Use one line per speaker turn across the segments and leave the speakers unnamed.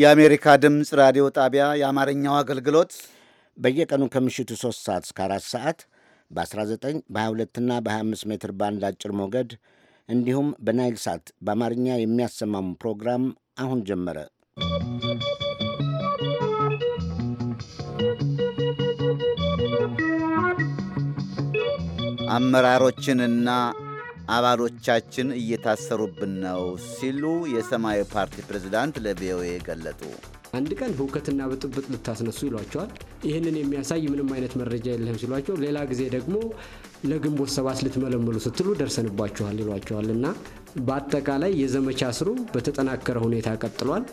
የአሜሪካ ድምፅ ራዲዮ ጣቢያ የአማርኛው አገልግሎት በየቀኑ ከምሽቱ 3 ሰዓት እስከ 4 ሰዓት በ19 በ22ና በ25 ሜትር ባንድ አጭር ሞገድ እንዲሁም በናይል ሳት በአማርኛ የሚያሰማሙ ፕሮግራም አሁን ጀመረ።
አመራሮችንና አባሎቻችን እየታሰሩብን ነው ሲሉ የሰማያዊ ፓርቲ ፕሬዝዳንት ለቪኦኤ ገለጡ።
አንድ ቀን ሁከትና ብጥብጥ ልታስነሱ ይሏቸዋል። ይህንን የሚያሳይ ምንም አይነት መረጃ የለህም ሲሏቸው፣ ሌላ ጊዜ ደግሞ ለግንቦት ሰባት ልትመለምሉ ስትሉ ደርሰንባችኋል ይሏቸዋል እና በአጠቃላይ የዘመቻ ስሩ
በተጠናከረ ሁኔታ ቀጥሏል።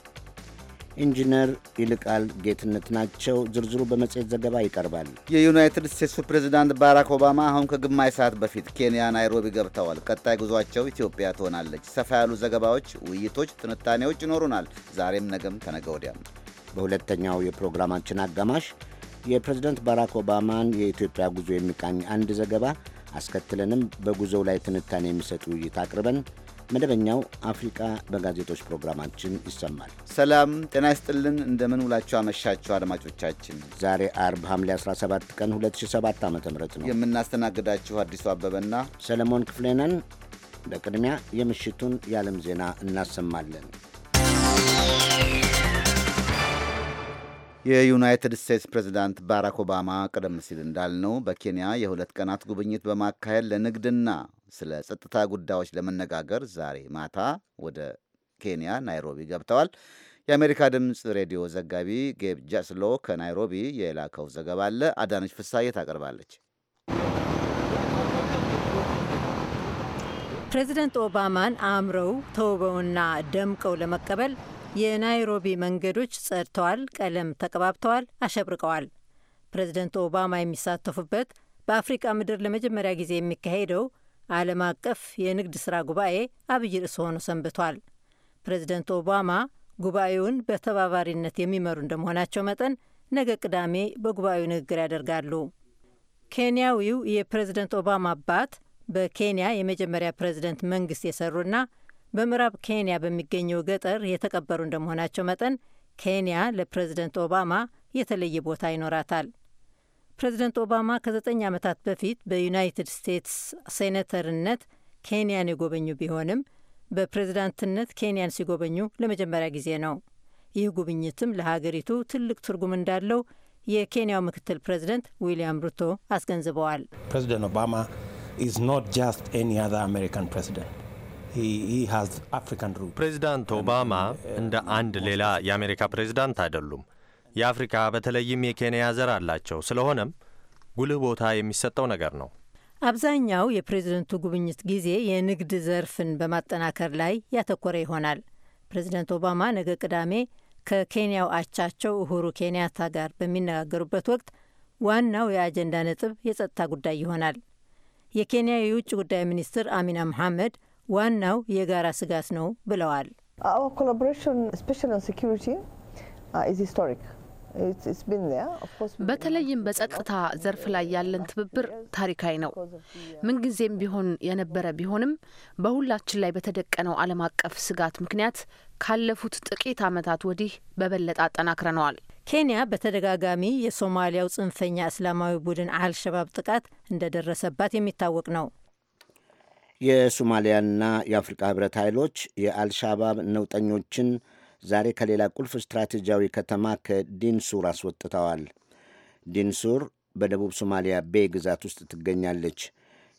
ኢንጂነር ይልቃል ጌትነት ናቸው። ዝርዝሩ በመጽሔት ዘገባ ይቀርባል።
የዩናይትድ ስቴትሱ ፕሬዚዳንት ባራክ ኦባማ አሁን ከግማሽ ሰዓት በፊት ኬንያ ናይሮቢ ገብተዋል። ቀጣይ ጉዟቸው ኢትዮጵያ ትሆናለች። ሰፋ ያሉ ዘገባዎች፣ ውይይቶች፣ ትንታኔዎች ይኖሩናል። ዛሬም፣ ነገም፣ ከነገ ወዲያም
በሁለተኛው የፕሮግራማችን አጋማሽ የፕሬዚዳንት ባራክ ኦባማን የኢትዮጵያ ጉዞ የሚቃኝ አንድ ዘገባ አስከትለንም በጉዞው ላይ ትንታኔ የሚሰጥ ውይይት አቅርበን መደበኛው አፍሪቃ በጋዜጦች ፕሮግራማችን ይሰማል። ሰላም ጤና ይስጥልን። እንደምን ውላችሁ አመሻችሁ አድማጮቻችን። ዛሬ አርብ ሐምሌ 17 ቀን 2007 ዓ ም ነው የምናስተናግዳችሁ አዲሱ አበበና ሰለሞን ክፍሌ ነን። በቅድሚያ የምሽቱን የዓለም ዜና እናሰማለን። የዩናይትድ ስቴትስ
ፕሬዚዳንት ባራክ ኦባማ ቀደም ሲል እንዳልነው በኬንያ የሁለት ቀናት ጉብኝት በማካሄድ ለንግድና ስለ ጸጥታ ጉዳዮች ለመነጋገር ዛሬ ማታ ወደ ኬንያ ናይሮቢ ገብተዋል። የአሜሪካ ድምፅ ሬዲዮ ዘጋቢ ጌብ ጃስሎ ከናይሮቢ የላከው ዘገባ አለ። አዳነች ፍሳዬ ታቀርባለች።
ፕሬዚደንት ኦባማን አምረው ተውበውና ደምቀው ለመቀበል የናይሮቢ መንገዶች ጸድተዋል፣ ቀለም ተቀባብተዋል፣ አሸብርቀዋል። ፕሬዚደንት ኦባማ የሚሳተፉበት በአፍሪቃ ምድር ለመጀመሪያ ጊዜ የሚካሄደው ዓለም አቀፍ የንግድ ሥራ ጉባኤ አብይ ርዕስ ሆኖ ሰንብቷል። ፕሬዚደንት ኦባማ ጉባኤውን በተባባሪነት የሚመሩ እንደመሆናቸው መጠን ነገ ቅዳሜ በጉባኤው ንግግር ያደርጋሉ። ኬንያዊው የፕሬዝደንት ኦባማ አባት በኬንያ የመጀመሪያ ፕሬዝደንት መንግስት የሰሩና በምዕራብ ኬንያ በሚገኘው ገጠር የተቀበሩ እንደመሆናቸው መጠን ኬንያ ለፕሬዝደንት ኦባማ የተለየ ቦታ ይኖራታል። ፕሬዚደንት ኦባማ ከዘጠኝ ዓመታት በፊት በዩናይትድ ስቴትስ ሴኔተርነት ኬንያን የጎበኙ ቢሆንም በፕሬዝዳንትነት ኬንያን ሲጎበኙ ለመጀመሪያ ጊዜ ነው። ይህ ጉብኝትም ለሀገሪቱ ትልቅ ትርጉም እንዳለው የኬንያው ምክትል ፕሬዝደንት ዊልያም ሩቶ አስገንዝበዋል።
ፕሬዚደንት ኦባማ ኢዝ ኖት ጃስት ኤኒ አዘር አሜሪካን ፕሬዚደንት
ፕሬዚዳንት ኦባማ uh, እንደ አንድ ሌላ የአሜሪካ ፕሬዚዳንት አይደሉም። የአፍሪካ በተለይም የኬንያ ዘር አላቸው። ስለሆነም ጉልህ ቦታ የሚሰጠው ነገር ነው።
አብዛኛው የፕሬዝደንቱ ጉብኝት ጊዜ የንግድ ዘርፍን በማጠናከር ላይ ያተኮረ ይሆናል። ፕሬዝደንት ኦባማ ነገ ቅዳሜ ከኬንያው አቻቸው እሁሩ ኬንያታ ጋር በሚነጋገሩበት ወቅት ዋናው የአጀንዳ ነጥብ የጸጥታ ጉዳይ ይሆናል። የኬንያ የውጭ ጉዳይ ሚኒስትር አሚና መሐመድ ዋናው የጋራ ስጋት ነው ብለዋል።
በተለይም በጸጥታ ዘርፍ ላይ ያለን ትብብር ታሪካዊ ነው። uh, ምንጊዜም ቢሆን የነበረ ቢሆንም በሁላችን ላይ በተደቀነው ዓለም አቀፍ ስጋት ምክንያት ካለፉት ጥቂት ዓመታት ወዲህ በበለጠ አጠናክረነዋል። ኬንያ በተደጋጋሚ
የሶማሊያው ጽንፈኛ እስላማዊ ቡድን አልሸባብ ጥቃት እንደደረሰባት የሚታወቅ ነው።
የሶማሊያና የአፍሪካ ህብረት ኃይሎች የአልሻባብ ነውጠኞችን ዛሬ ከሌላ ቁልፍ ስትራቴጂያዊ ከተማ ከዲንሱር አስወጥተዋል። ዲንሱር በደቡብ ሶማሊያ ቤ ግዛት ውስጥ ትገኛለች።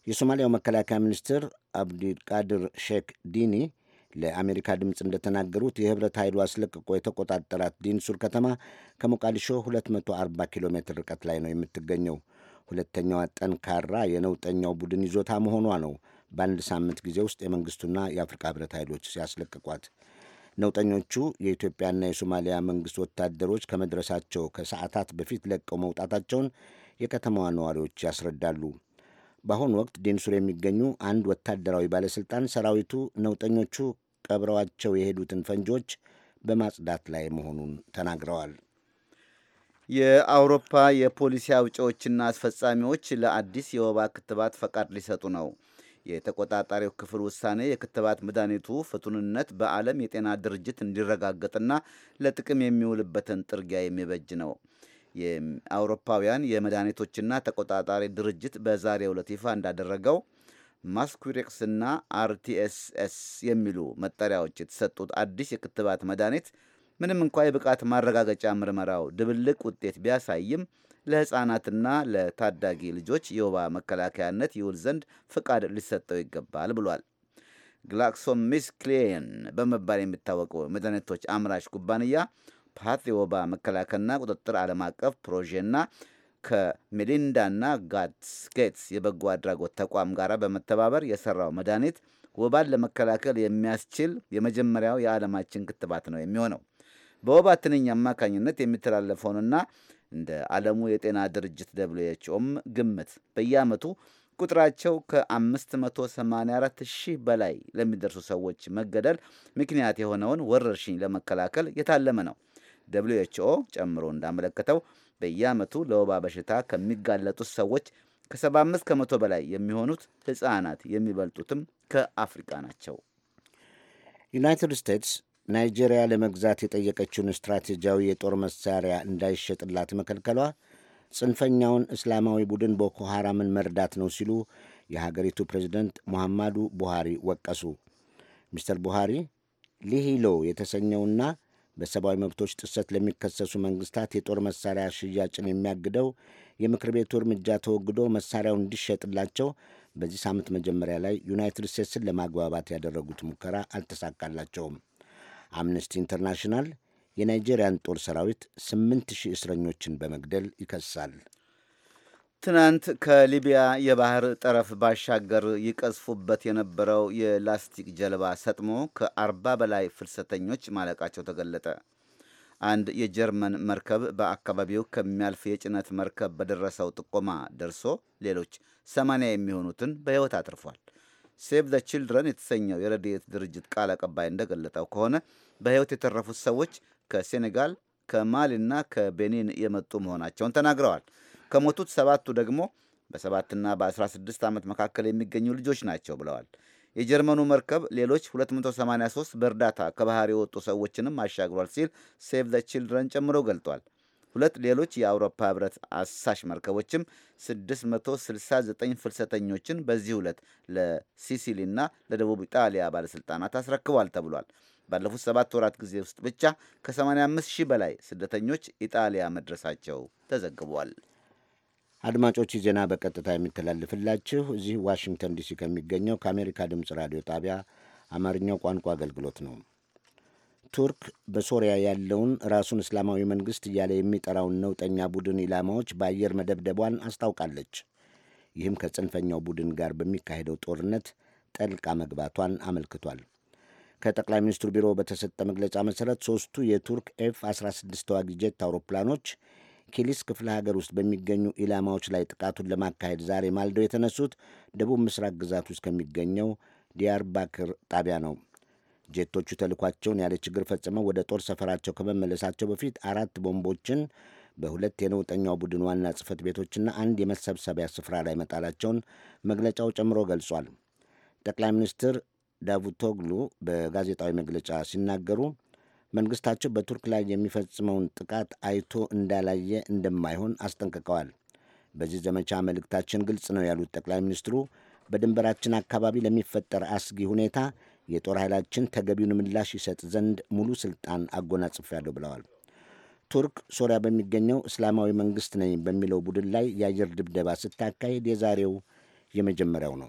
የሶማሊያው መከላከያ ሚኒስትር አብዲቃድር ሼክ ዲኒ ለአሜሪካ ድምፅ እንደተናገሩት የህብረት ኃይሉ አስለቅቆ የተቆጣጠራት ዲንሱር ከተማ ከሞቃዲሾ 240 ኪሎ ሜትር ርቀት ላይ ነው የምትገኘው። ሁለተኛዋ ጠንካራ የነውጠኛው ቡድን ይዞታ መሆኗ ነው በአንድ ሳምንት ጊዜ ውስጥ የመንግስቱና የአፍሪካ ህብረት ኃይሎች ሲያስለቅቋት ነውጠኞቹ የኢትዮጵያና የሶማሊያ መንግሥት ወታደሮች ከመድረሳቸው ከሰዓታት በፊት ለቀው መውጣታቸውን የከተማዋ ነዋሪዎች ያስረዳሉ። በአሁኑ ወቅት ዴንሱር የሚገኙ አንድ ወታደራዊ ባለሥልጣን ሰራዊቱ ነውጠኞቹ ቀብረዋቸው የሄዱትን ፈንጂዎች በማጽዳት ላይ መሆኑን ተናግረዋል።
የአውሮፓ የፖሊሲ አውጪዎችና አስፈጻሚዎች ለአዲስ የወባ ክትባት ፈቃድ ሊሰጡ ነው። የተቆጣጣሪው ክፍል ውሳኔ የክትባት መድኃኒቱ ፍቱንነት በዓለም የጤና ድርጅት እንዲረጋገጥና ለጥቅም የሚውልበትን ጥርጊያ የሚበጅ ነው። የአውሮፓውያን የመድኃኒቶችና ተቆጣጣሪ ድርጅት በዛሬው ዕለት ይፋ እንዳደረገው ማስኩሪክስና አርቲኤስኤስ የሚሉ መጠሪያዎች የተሰጡት አዲስ የክትባት መድኃኒት ምንም እንኳ የብቃት ማረጋገጫ ምርመራው ድብልቅ ውጤት ቢያሳይም ለሕፃናትና ለታዳጊ ልጆች የወባ መከላከያነት ይውል ዘንድ ፍቃድ ሊሰጠው ይገባል ብሏል። ግላክሶን ሚስ ክሌን በመባል የሚታወቀው መድኃኒቶች አምራች ኩባንያ ፓት የወባ መከላከልና ቁጥጥር ዓለም አቀፍ ፕሮጀና ከሜሊንዳና ጋትስ ጌትስ የበጎ አድራጎት ተቋም ጋር በመተባበር የሰራው መድኃኒት ወባን ለመከላከል የሚያስችል የመጀመሪያው የዓለማችን ክትባት ነው የሚሆነው። በወባ ትንኝ አማካኝነት የሚተላለፈውንና እንደ ዓለሙ የጤና ድርጅት ደብሎችኦም ግምት በየዓመቱ ቁጥራቸው ከ584 ሺህ በላይ ለሚደርሱ ሰዎች መገደል ምክንያት የሆነውን ወረርሽኝ ለመከላከል የታለመ ነው። ደብሎችኦ ጨምሮ እንዳመለከተው በየዓመቱ ለወባ በሽታ ከሚጋለጡት ሰዎች ከ75 ከመቶ በላይ የሚሆኑት ሕፃናት፣ የሚበልጡትም ከአፍሪቃ ናቸው።
ዩናይትድ ስቴትስ ናይጄሪያ ለመግዛት የጠየቀችውን ስትራቴጂያዊ የጦር መሳሪያ እንዳይሸጥላት መከልከሏ ጽንፈኛውን እስላማዊ ቡድን ቦኮ ሐራምን መርዳት ነው ሲሉ የሀገሪቱ ፕሬዚደንት ሙሐማዱ ቡሃሪ ወቀሱ። ሚስተር ቡሃሪ ሊሂሎ የተሰኘውና በሰብአዊ መብቶች ጥሰት ለሚከሰሱ መንግስታት የጦር መሳሪያ ሽያጭን የሚያግደው የምክር ቤቱ እርምጃ ተወግዶ መሳሪያው እንዲሸጥላቸው በዚህ ሳምንት መጀመሪያ ላይ ዩናይትድ ስቴትስን ለማግባባት ያደረጉት ሙከራ አልተሳካላቸውም። አምነስቲ ኢንተርናሽናል የናይጄሪያን ጦር ሰራዊት ስምንት ሺህ እስረኞችን በመግደል ይከሳል።
ትናንት ከሊቢያ የባህር ጠረፍ ባሻገር ይቀዝፉበት የነበረው የላስቲክ ጀልባ ሰጥሞ ከአርባ በላይ ፍልሰተኞች ማለቃቸው ተገለጠ። አንድ የጀርመን መርከብ በአካባቢው ከሚያልፍ የጭነት መርከብ በደረሰው ጥቆማ ደርሶ ሌሎች ሰማንያ የሚሆኑትን በሕይወት አትርፏል። ሴቭ ዘ ቺልድረን የተሰኘው የረድኤት ድርጅት ቃል አቀባይ እንደገለጠው ከሆነ በሕይወት የተረፉት ሰዎች ከሴኔጋል ከማሊና ከቤኒን የመጡ መሆናቸውን ተናግረዋል። ከሞቱት ሰባቱ ደግሞ በሰባትና በ16 ዓመት መካከል የሚገኙ ልጆች ናቸው ብለዋል። የጀርመኑ መርከብ ሌሎች 283 በእርዳታ ከባህር የወጡ ሰዎችንም አሻግሯል ሲል ሴቭ ዘ ቺልድረን ጨምሮ ገልጧል። ሁለት ሌሎች የአውሮፓ ህብረት አሳሽ መርከቦችም 669 ፍልሰተኞችን በዚህ ሁለት ለሲሲሊና ለደቡብ ኢጣሊያ ባለሥልጣናት አስረክቧል ተብሏል። ባለፉት ሰባት ወራት ጊዜ ውስጥ ብቻ ከ85 ሺህ በላይ ስደተኞች ኢጣሊያ መድረሳቸው
ተዘግቧል። አድማጮች ዜና በቀጥታ የሚተላልፍላችሁ እዚህ ዋሽንግተን ዲሲ ከሚገኘው ከአሜሪካ ድምፅ ራዲዮ ጣቢያ አማርኛው ቋንቋ አገልግሎት ነው። ቱርክ በሶሪያ ያለውን ራሱን እስላማዊ መንግሥት እያለ የሚጠራውን ነውጠኛ ቡድን ኢላማዎች በአየር መደብደቧን አስታውቃለች። ይህም ከጽንፈኛው ቡድን ጋር በሚካሄደው ጦርነት ጠልቃ መግባቷን አመልክቷል። ከጠቅላይ ሚኒስትሩ ቢሮ በተሰጠ መግለጫ መሠረት ሦስቱ የቱርክ ኤፍ 16 ተዋጊ ጄት አውሮፕላኖች ኪሊስ ክፍለ ሀገር ውስጥ በሚገኙ ኢላማዎች ላይ ጥቃቱን ለማካሄድ ዛሬ ማልደው የተነሱት ደቡብ ምስራቅ ግዛት ውስጥ ከሚገኘው ዲያርባክር ጣቢያ ነው። ጄቶቹ ተልኳቸውን ያለ ችግር ፈጽመው ወደ ጦር ሰፈራቸው ከመመለሳቸው በፊት አራት ቦምቦችን በሁለት የነውጠኛው ቡድን ዋና ጽህፈት ቤቶችና አንድ የመሰብሰቢያ ስፍራ ላይ መጣላቸውን መግለጫው ጨምሮ ገልጿል። ጠቅላይ ሚኒስትር ዳቡቶግሉ በጋዜጣዊ መግለጫ ሲናገሩ መንግስታቸው በቱርክ ላይ የሚፈጽመውን ጥቃት አይቶ እንዳላየ እንደማይሆን አስጠንቅቀዋል። በዚህ ዘመቻ መልእክታችን ግልጽ ነው ያሉት ጠቅላይ ሚኒስትሩ በድንበራችን አካባቢ ለሚፈጠር አስጊ ሁኔታ የጦር ኃይላችን ተገቢውን ምላሽ ይሰጥ ዘንድ ሙሉ ስልጣን አጎናጽፌያለሁ ብለዋል። ቱርክ ሶሪያ በሚገኘው እስላማዊ መንግሥት ነኝ በሚለው ቡድን ላይ የአየር ድብደባ ስታካሄድ የዛሬው የመጀመሪያው ነው።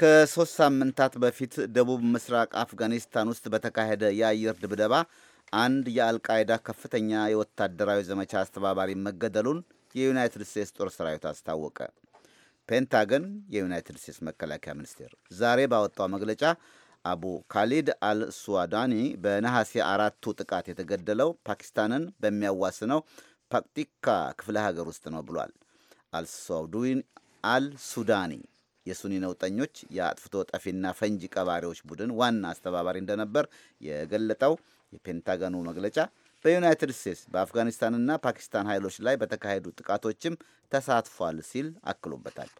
ከሦስት ሳምንታት በፊት ደቡብ ምስራቅ አፍጋኒስታን ውስጥ በተካሄደ የአየር ድብደባ አንድ የአልቃይዳ ከፍተኛ የወታደራዊ ዘመቻ አስተባባሪ መገደሉን የዩናይትድ ስቴትስ ጦር ሰራዊት አስታወቀ። ፔንታገን የዩናይትድ ስቴትስ መከላከያ ሚኒስቴር ዛሬ ባወጣው መግለጫ አቡ ካሊድ አል በነሐሴ አራቱ ጥቃት የተገደለው ፓኪስታንን በሚያዋስነው ፓክቲካ ክፍለ ሀገር ውስጥ ነው ብሏል። አል አልሱዳኒ የሱኒ ነውጠኞች የአጥፍቶ ጠፊና ፈንጂ ቀባሪዎች ቡድን ዋና አስተባባሪ እንደነበር የገለጠው የፔንታገኑ መግለጫ በዩናይትድ ስቴትስ በአፍጋኒስታንና ፓኪስታን ኃይሎች ላይ በተካሄዱ ጥቃቶችም ተሳትፏል ሲል አክሎበታል።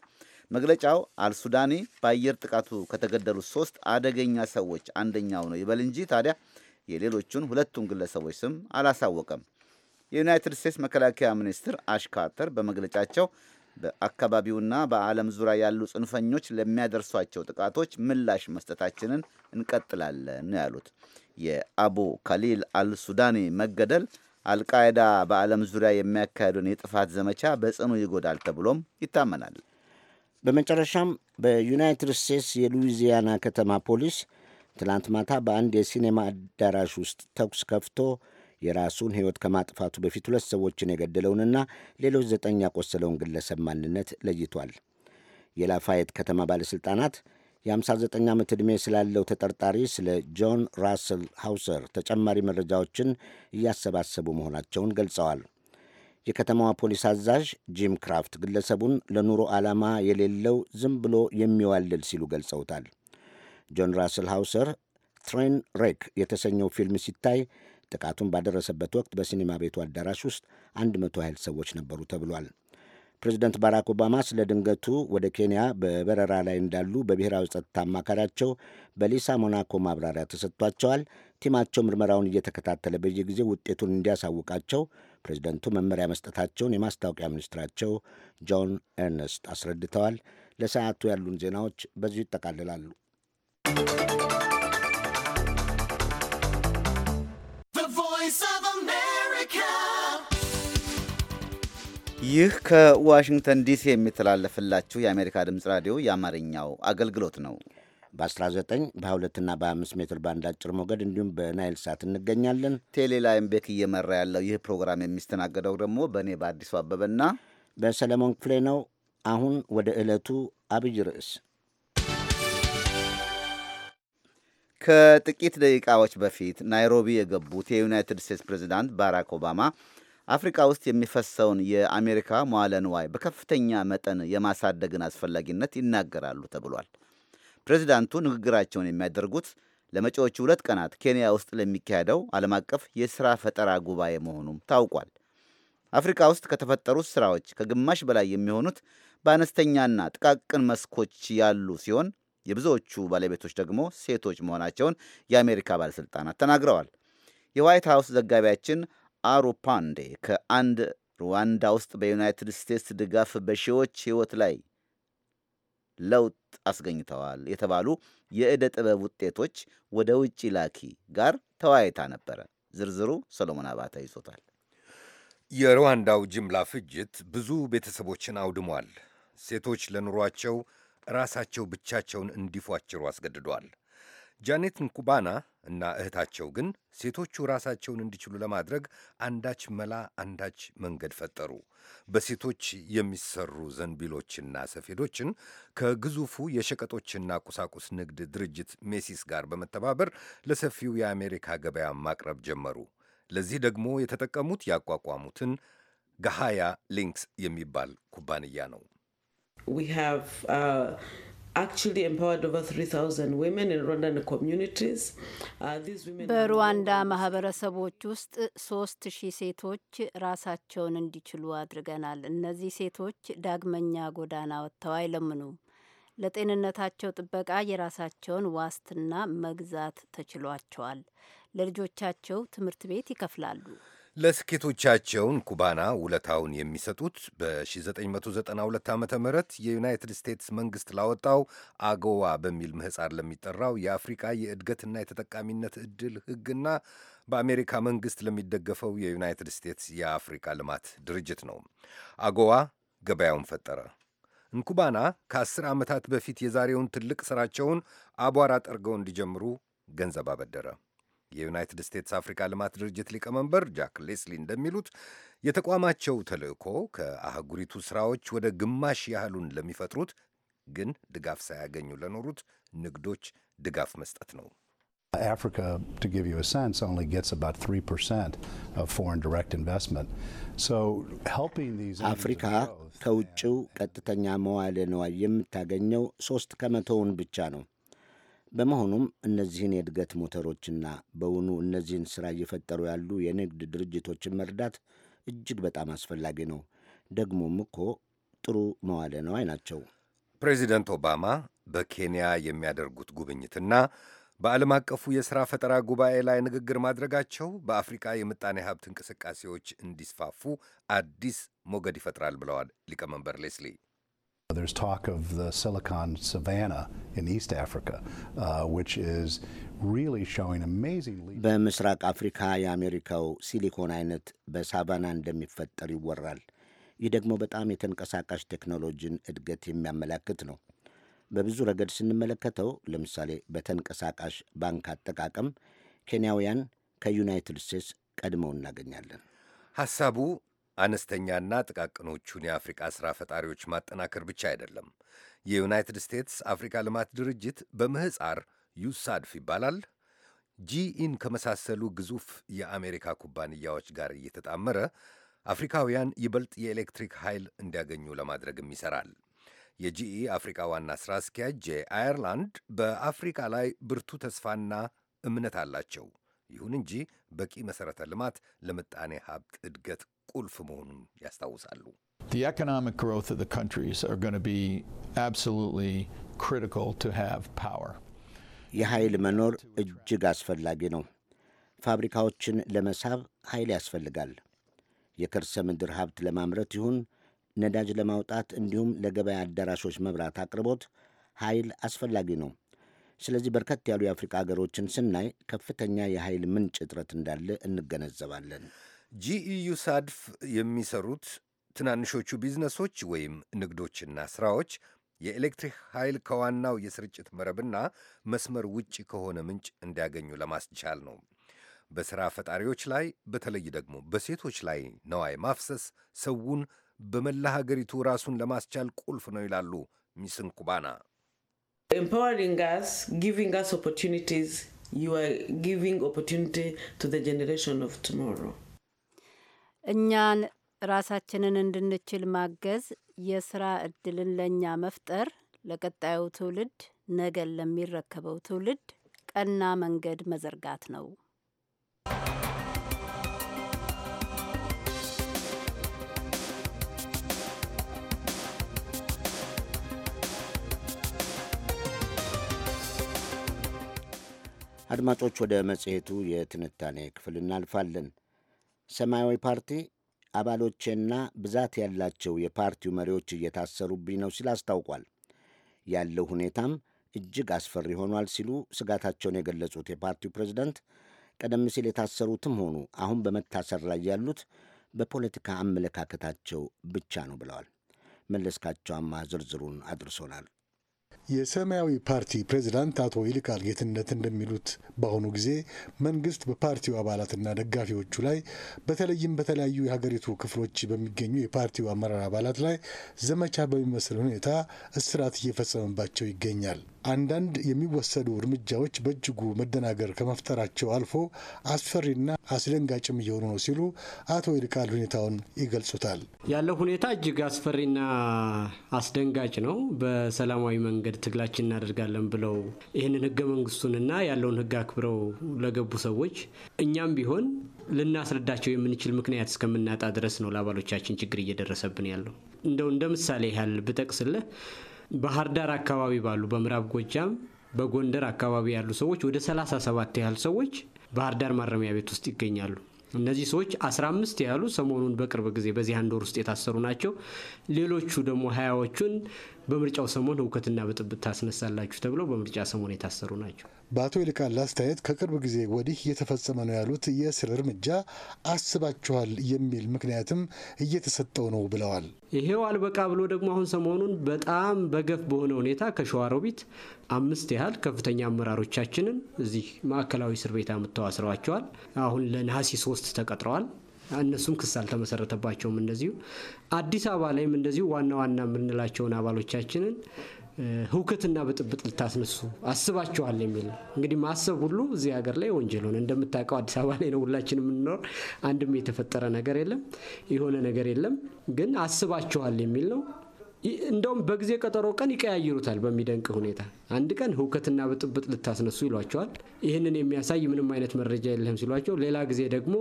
መግለጫው አልሱዳኒ በአየር ጥቃቱ ከተገደሉት ሶስት አደገኛ ሰዎች አንደኛው ነው ይበል እንጂ ታዲያ የሌሎቹን ሁለቱን ግለሰቦች ስም አላሳወቀም። የዩናይትድ ስቴትስ መከላከያ ሚኒስትር አሽ ካርተር በመግለጫቸው በአካባቢውና በዓለም ዙሪያ ያሉ ጽንፈኞች ለሚያደርሷቸው ጥቃቶች ምላሽ መስጠታችንን እንቀጥላለን ነው ያሉት። የአቡ ካሊል አልሱዳኒ መገደል አልቃይዳ በዓለም ዙሪያ የሚያካሄዱን
የጥፋት ዘመቻ በጽኑ ይጎዳል ተብሎም ይታመናል። በመጨረሻም በዩናይትድ ስቴትስ የሉዊዚያና ከተማ ፖሊስ ትላንት ማታ በአንድ የሲኔማ አዳራሽ ውስጥ ተኩስ ከፍቶ የራሱን ሕይወት ከማጥፋቱ በፊት ሁለት ሰዎችን የገደለውንና ሌሎች ዘጠኝ ያቆሰለውን ግለሰብ ማንነት ለይቷል። የላፋየት ከተማ ባለሥልጣናት የ59 ዓመት ዕድሜ ስላለው ተጠርጣሪ ስለ ጆን ራስል ሃውሰር ተጨማሪ መረጃዎችን እያሰባሰቡ መሆናቸውን ገልጸዋል። የከተማዋ ፖሊስ አዛዥ ጂም ክራፍት ግለሰቡን ለኑሮ ዓላማ የሌለው ዝም ብሎ የሚዋልል ሲሉ ገልጸውታል። ጆን ራስል ሃውሰር ትሬን ሬክ የተሰኘው ፊልም ሲታይ ጥቃቱን ባደረሰበት ወቅት በሲኒማ ቤቱ አዳራሽ ውስጥ 120 ሰዎች ነበሩ ተብሏል። ፕሬዚደንት ባራክ ኦባማ ስለ ድንገቱ ወደ ኬንያ በበረራ ላይ እንዳሉ በብሔራዊ ጸጥታ አማካሪያቸው በሊሳ ሞናኮ ማብራሪያ ተሰጥቷቸዋል። ቲማቸው ምርመራውን እየተከታተለ በየጊዜ ውጤቱን እንዲያሳውቃቸው ፕሬዚደንቱ መመሪያ መስጠታቸውን የማስታወቂያ ሚኒስትራቸው ጆን ኤርነስት አስረድተዋል። ለሰዓቱ ያሉን ዜናዎች በዚሁ ይጠቃልላሉ።
ይህ ከዋሽንግተን ዲሲ የሚተላለፍላችሁ የአሜሪካ ድምፅ ራዲዮ የአማርኛው
አገልግሎት ነው። በ19 በ2ና በ5 ሜትር ባንድ አጭር ሞገድ እንዲሁም በናይል ሳት እንገኛለን። ቴሌላይም ቤክ እየመራ ያለው ይህ ፕሮግራም የሚስተናገደው ደግሞ በእኔ በአዲሱ አበበና በሰለሞን ክፍሌ ነው። አሁን ወደ ዕለቱ አብይ ርዕስ ከጥቂት ደቂቃዎች
በፊት ናይሮቢ የገቡት የዩናይትድ ስቴትስ ፕሬዚዳንት ባራክ ኦባማ አፍሪካ ውስጥ የሚፈሰውን የአሜሪካ መዋለ ንዋይ በከፍተኛ መጠን የማሳደግን አስፈላጊነት ይናገራሉ ተብሏል። ፕሬዚዳንቱ ንግግራቸውን የሚያደርጉት ለመጪዎቹ ሁለት ቀናት ኬንያ ውስጥ ለሚካሄደው ዓለም አቀፍ የሥራ ፈጠራ ጉባኤ መሆኑም ታውቋል። አፍሪካ ውስጥ ከተፈጠሩት ሥራዎች ከግማሽ በላይ የሚሆኑት በአነስተኛና ጥቃቅን መስኮች ያሉ ሲሆን የብዙዎቹ ባለቤቶች ደግሞ ሴቶች መሆናቸውን የአሜሪካ ባለሥልጣናት ተናግረዋል። የዋይት ሃውስ ዘጋቢያችን አሮፓንዴ ከአንድ ሩዋንዳ ውስጥ በዩናይትድ ስቴትስ ድጋፍ በሺዎች ሕይወት ላይ ለውጥ አስገኝተዋል የተባሉ የዕደ ጥበብ ውጤቶች ወደ ውጭ ላኪ ጋር
ተወያይታ ነበረ። ዝርዝሩ ሰሎሞን አባተ ይዞታል። የሩዋንዳው ጅምላ ፍጅት ብዙ ቤተሰቦችን አውድሟል። ሴቶች ለኑሯቸው ራሳቸው ብቻቸውን እንዲፏችሩ አስገድዷል። ጃኔት ንኩባና እና እህታቸው ግን ሴቶቹ ራሳቸውን እንዲችሉ ለማድረግ አንዳች መላ አንዳች መንገድ ፈጠሩ። በሴቶች የሚሰሩ ዘንቢሎችና ሰፌዶችን ከግዙፉ የሸቀጦችና ቁሳቁስ ንግድ ድርጅት ሜሲስ ጋር በመተባበር ለሰፊው የአሜሪካ ገበያ ማቅረብ ጀመሩ። ለዚህ ደግሞ የተጠቀሙት ያቋቋሙትን ገሃያ ሊንክስ የሚባል ኩባንያ ነው።
uh,
በሩዋንዳ ማህበረሰቦች ውስጥ ሶስት ሺህ ሴቶች ራሳቸውን እንዲችሉ አድርገናል። እነዚህ ሴቶች ዳግመኛ ጎዳና ወጥተው አይለምኑም። ለጤንነታቸው ጥበቃ የራሳቸውን ዋስትና መግዛት ተችሏቸዋል። ለልጆቻቸው ትምህርት ቤት ይከፍላሉ።
ለስኬቶቻቸውን ኩባና ውለታውን የሚሰጡት በ1992 ዓ ም የዩናይትድ ስቴትስ መንግሥት ላወጣው አጎዋ በሚል ምህፃር ለሚጠራው የአፍሪካ የእድገትና የተጠቃሚነት ዕድል ሕግና በአሜሪካ መንግሥት ለሚደገፈው የዩናይትድ ስቴትስ የአፍሪካ ልማት ድርጅት ነው። አጎዋ ገበያውን ፈጠረ። እንኩባና ከአስር ዓመታት በፊት የዛሬውን ትልቅ ሥራቸውን አቧራ ጠርገው እንዲጀምሩ ገንዘብ አበደረ። የዩናይትድ ስቴትስ አፍሪካ ልማት ድርጅት ሊቀመንበር ጃክ ሌስሊ እንደሚሉት የተቋማቸው ተልእኮ ከአህጉሪቱ ስራዎች ወደ ግማሽ ያህሉን ለሚፈጥሩት ግን ድጋፍ ሳያገኙ ለኖሩት ንግዶች ድጋፍ መስጠት ነው።
Africa, to give
you a sense, only gets about 3% of foreign direct investment. So
helping these... አፍሪካ
ከውጭው ቀጥተኛ መዋለ ንዋይ የምታገኘው ሦስት ከመቶውን ብቻ ነው። በመሆኑም እነዚህን የእድገት ሞተሮችና በውኑ እነዚህን ሥራ እየፈጠሩ ያሉ የንግድ ድርጅቶችን መርዳት እጅግ በጣም አስፈላጊ
ነው። ደግሞም እኮ ጥሩ መዋለ ነዋይ ናቸው። ፕሬዚደንት ኦባማ በኬንያ የሚያደርጉት ጉብኝትና በዓለም አቀፉ የሥራ ፈጠራ ጉባኤ ላይ ንግግር ማድረጋቸው በአፍሪካ የምጣኔ ሀብት እንቅስቃሴዎች እንዲስፋፉ አዲስ ሞገድ ይፈጥራል ብለዋል ሊቀመንበር ሌስሊ
there's talk of the Silicon Savannah in East Africa, uh, which is really showing amazing
በምስራቅ አፍሪካ የአሜሪካው ሲሊኮን አይነት በሳቫና እንደሚፈጠር ይወራል። ይህ ደግሞ በጣም የተንቀሳቃሽ ቴክኖሎጂን እድገት የሚያመላክት ነው። በብዙ ረገድ ስንመለከተው ለምሳሌ በተንቀሳቃሽ ባንክ አጠቃቀም ኬንያውያን
ከዩናይትድ ስቴትስ ቀድመው እናገኛለን። ሐሳቡ አነስተኛና ጥቃቅኖቹን የአፍሪቃ ሥራ ፈጣሪዎች ማጠናከር ብቻ አይደለም። የዩናይትድ ስቴትስ አፍሪካ ልማት ድርጅት በምህፃር ዩሳድፍ ይባላል። ጂኢን ከመሳሰሉ ግዙፍ የአሜሪካ ኩባንያዎች ጋር እየተጣመረ አፍሪካውያን ይበልጥ የኤሌክትሪክ ኃይል እንዲያገኙ ለማድረግም ይሠራል። የጂኢ አፍሪካ ዋና ሥራ አስኪያጅ ጄ አየርላንድ በአፍሪካ ላይ ብርቱ ተስፋና እምነት አላቸው። ይሁን እንጂ በቂ መሠረተ ልማት ለምጣኔ ሀብት እድገት ቁልፍ መሆኑን ያስታውሳሉ።
The economic growth of the countries are going to be absolutely critical to have power. የኃይል መኖር እጅግ አስፈላጊ ነው። ፋብሪካዎችን ለመሳብ ኃይል ያስፈልጋል። የከርሰ ምድር ሀብት ለማምረት ይሁን ነዳጅ ለማውጣት እንዲሁም ለገበያ አዳራሾች መብራት አቅርቦት ኃይል አስፈላጊ ነው። ስለዚህ በርከት ያሉ የአፍሪካ ሀገሮችን ስናይ ከፍተኛ የኃይል
ምንጭ እጥረት እንዳለ እንገነዘባለን። ጂኢዩ ሳድፍ የሚሰሩት ትናንሾቹ ቢዝነሶች ወይም ንግዶችና ሥራዎች የኤሌክትሪክ ኃይል ከዋናው የስርጭት መረብና መስመር ውጭ ከሆነ ምንጭ እንዲያገኙ ለማስቻል ነው። በሥራ ፈጣሪዎች ላይ በተለይ ደግሞ በሴቶች ላይ ነዋይ ማፍሰስ ሰውን በመላ ሀገሪቱ ራሱን ለማስቻል ቁልፍ ነው ይላሉ ሚስን ኩባና። ኤምፓወሪንግ
አስ ጊቪንግ አስ ኦፖርቹኒቲስ ዩ አር ጊቪንግ ኦፖርቹኒቲ ቱ ዘ ጄኔሬሽን ኦፍ ቱሞሮ
እኛን ራሳችንን እንድንችል ማገዝ፣ የስራ እድልን ለእኛ መፍጠር ለቀጣዩ ትውልድ ነገን ለሚረከበው ትውልድ ቀና መንገድ መዘርጋት ነው።
አድማጮች፣ ወደ መጽሔቱ የትንታኔ ክፍል እናልፋለን። ሰማያዊ ፓርቲ አባሎቼና ብዛት ያላቸው የፓርቲው መሪዎች እየታሰሩብኝ ነው ሲል አስታውቋል። ያለው ሁኔታም እጅግ አስፈሪ ሆኗል ሲሉ ስጋታቸውን የገለጹት የፓርቲው ፕሬዝደንት ቀደም ሲል የታሰሩትም ሆኑ አሁን በመታሰር ላይ ያሉት በፖለቲካ አመለካከታቸው ብቻ ነው ብለዋል። መለስካቸው አማ ዝርዝሩን አድርሶናል።
የሰማያዊ ፓርቲ ፕሬዚዳንት አቶ ይልቃል ጌትነት እንደሚሉት በአሁኑ ጊዜ መንግስት በፓርቲው አባላትና ደጋፊዎቹ ላይ በተለይም በተለያዩ የሀገሪቱ ክፍሎች በሚገኙ የፓርቲው አመራር አባላት ላይ ዘመቻ በሚመስል ሁኔታ እስራት እየፈጸመባቸው ይገኛል። አንዳንድ የሚወሰዱ እርምጃዎች በእጅጉ መደናገር ከመፍጠራቸው አልፎ አስፈሪና አስደንጋጭም እየሆኑ ነው ሲሉ አቶ ይልቃል ሁኔታውን ይገልጹታል።
ያለው ሁኔታ እጅግ አስፈሪና አስደንጋጭ ነው። በሰላማዊ መንገድ ትግላችን እናደርጋለን ብለው ይህንን ህገ መንግስቱንና ያለውን ህግ አክብረው ለገቡ ሰዎች እኛም ቢሆን ልናስረዳቸው የምንችል ምክንያት እስከምናጣ ድረስ ነው ለአባሎቻችን ችግር እየደረሰብን ያለው። እንደው እንደ ምሳሌ ያህል ብጠቅስልህ ባህር ዳር አካባቢ ባሉ በምዕራብ ጎጃም በጎንደር አካባቢ ያሉ ሰዎች ወደ 37 ያህል ሰዎች ባህር ዳር ማረሚያ ቤት ውስጥ ይገኛሉ። እነዚህ ሰዎች 15 ያህሉ ሰሞኑን በቅርብ ጊዜ በዚህ አንድ ወር ውስጥ የታሰሩ ናቸው። ሌሎቹ ደግሞ ሀያዎቹን በምርጫው ሰሞን እውከትና ብጥብጥ ታስነሳላችሁ ተብለው በምርጫ ሰሞን የታሰሩ ናቸው።
በአቶ ይልቃል አስተያየት ከቅርብ ጊዜ ወዲህ እየተፈጸመ ነው ያሉት የእስር እርምጃ አስባችኋል የሚል ምክንያትም እየተሰጠው ነው ብለዋል።
ይሄው አልበቃ ብሎ ደግሞ አሁን ሰሞኑን በጣም በገፍ በሆነ ሁኔታ ከሸዋሮቢት አምስት ያህል ከፍተኛ አመራሮቻችንን እዚህ ማዕከላዊ እስር ቤት አምጥተው አስረዋቸዋል። አሁን ለነሐሴ ሶስት ተቀጥረዋል። እነሱም ክስ አልተመሰረተባቸውም። እንደዚሁ አዲስ አበባ ላይም እንደዚሁ ዋና ዋና የምንላቸውን አባሎቻችንን ህውከትና ብጥብጥ ልታስነሱ አስባችኋል የሚል እንግዲህ ማሰብ ሁሉ እዚህ ሀገር ላይ ወንጀል ሆነ። እንደምታውቀው አዲስ አበባ ላይ ነው ሁላችን የምንኖር። አንድም የተፈጠረ ነገር የለም፣ የሆነ ነገር የለም። ግን አስባችኋል የሚል ነው። እንደውም በጊዜ ቀጠሮ ቀን ይቀያይሩታል። በሚደንቅ ሁኔታ አንድ ቀን ህውከትና ብጥብጥ ልታስነሱ ይሏቸዋል። ይህንን የሚያሳይ ምንም አይነት መረጃ የለህም ሲሏቸው፣ ሌላ ጊዜ ደግሞ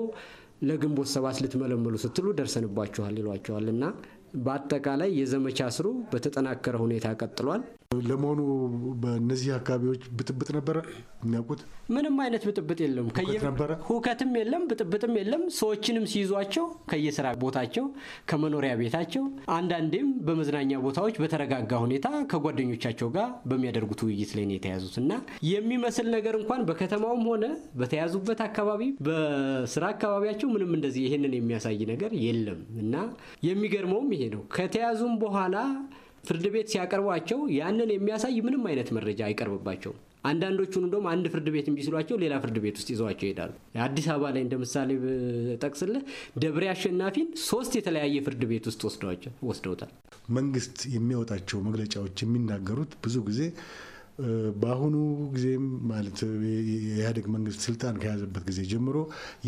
ለግንቦት ሰባት ልትመለመሉ ስትሉ ደርሰንባችኋል ይሏቸዋል እና በአጠቃላይ የዘመቻ ስሩ በተጠናከረ ሁኔታ ቀጥሏል። ለመሆኑ
በእነዚህ አካባቢዎች ብጥብጥ ነበረ? የሚያውቁት
ምንም አይነት ብጥብጥ የለም። ሁከትም የለም፣ ብጥብጥም የለም። ሰዎችንም ሲይዟቸው ከየስራ ቦታቸው፣ ከመኖሪያ ቤታቸው፣ አንዳንዴም በመዝናኛ ቦታዎች በተረጋጋ ሁኔታ ከጓደኞቻቸው ጋር በሚያደርጉት ውይይት ላይ ነው የተያዙት እና የሚመስል ነገር እንኳን በከተማውም ሆነ በተያዙበት አካባቢ በስራ አካባቢያቸው ምንም እንደዚህ ይህንን የሚያሳይ ነገር የለም እና የሚገርመውም ይሄ ነው ከተያዙም በኋላ ፍርድ ቤት ሲያቀርቧቸው ያንን የሚያሳይ ምንም አይነት መረጃ አይቀርብባቸውም። አንዳንዶቹን እንደውም አንድ ፍርድ ቤት እምቢ ሲሏቸው ሌላ ፍርድ ቤት ውስጥ ይዘዋቸው ይሄዳሉ። አዲስ አበባ ላይ እንደ ምሳሌ ጠቅስልህ ደብሬ አሸናፊን ሶስት የተለያየ ፍርድ ቤት ውስጥ ወስደውታል።
መንግስት የሚያወጣቸው መግለጫዎች የሚናገሩት ብዙ ጊዜ በአሁኑ ጊዜም ማለት የኢህአዴግ መንግስት ስልጣን ከያዘበት ጊዜ ጀምሮ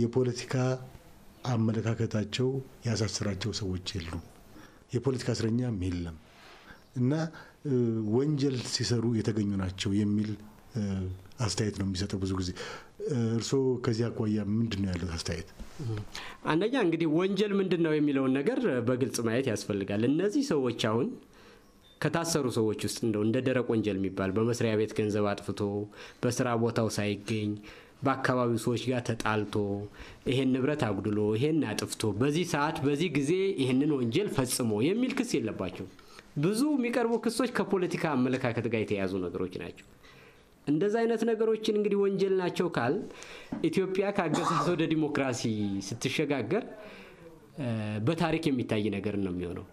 የፖለቲካ አመለካከታቸው ያሳስራቸው ሰዎች የሉም። የፖለቲካ እስረኛም የለም። እና ወንጀል ሲሰሩ የተገኙ ናቸው የሚል አስተያየት ነው የሚሰጠው ብዙ ጊዜ። እርስዎ ከዚህ አኳያ ምንድን ነው ያሉት አስተያየት?
አንደኛ እንግዲህ ወንጀል ምንድን ነው የሚለውን ነገር በግልጽ ማየት ያስፈልጋል። እነዚህ ሰዎች አሁን ከታሰሩ ሰዎች ውስጥ እንደው እንደ ደረቅ ወንጀል የሚባል በመስሪያ ቤት ገንዘብ አጥፍቶ በስራ ቦታው ሳይገኝ በአካባቢው ሰዎች ጋር ተጣልቶ ይሄን ንብረት አጉድሎ ይሄን አጥፍቶ በዚህ ሰዓት በዚህ ጊዜ ይህንን ወንጀል ፈጽሞ የሚል ክስ የለባቸው። ብዙ የሚቀርቡ ክሶች ከፖለቲካ አመለካከት ጋር የተያዙ ነገሮች ናቸው። እንደዚ አይነት ነገሮችን እንግዲህ ወንጀል ናቸው ካል ኢትዮጵያ ከአገዛዝ ወደ ዲሞክራሲ ስትሸጋገር በታሪክ የሚታይ ነገር ነው የሚሆነው።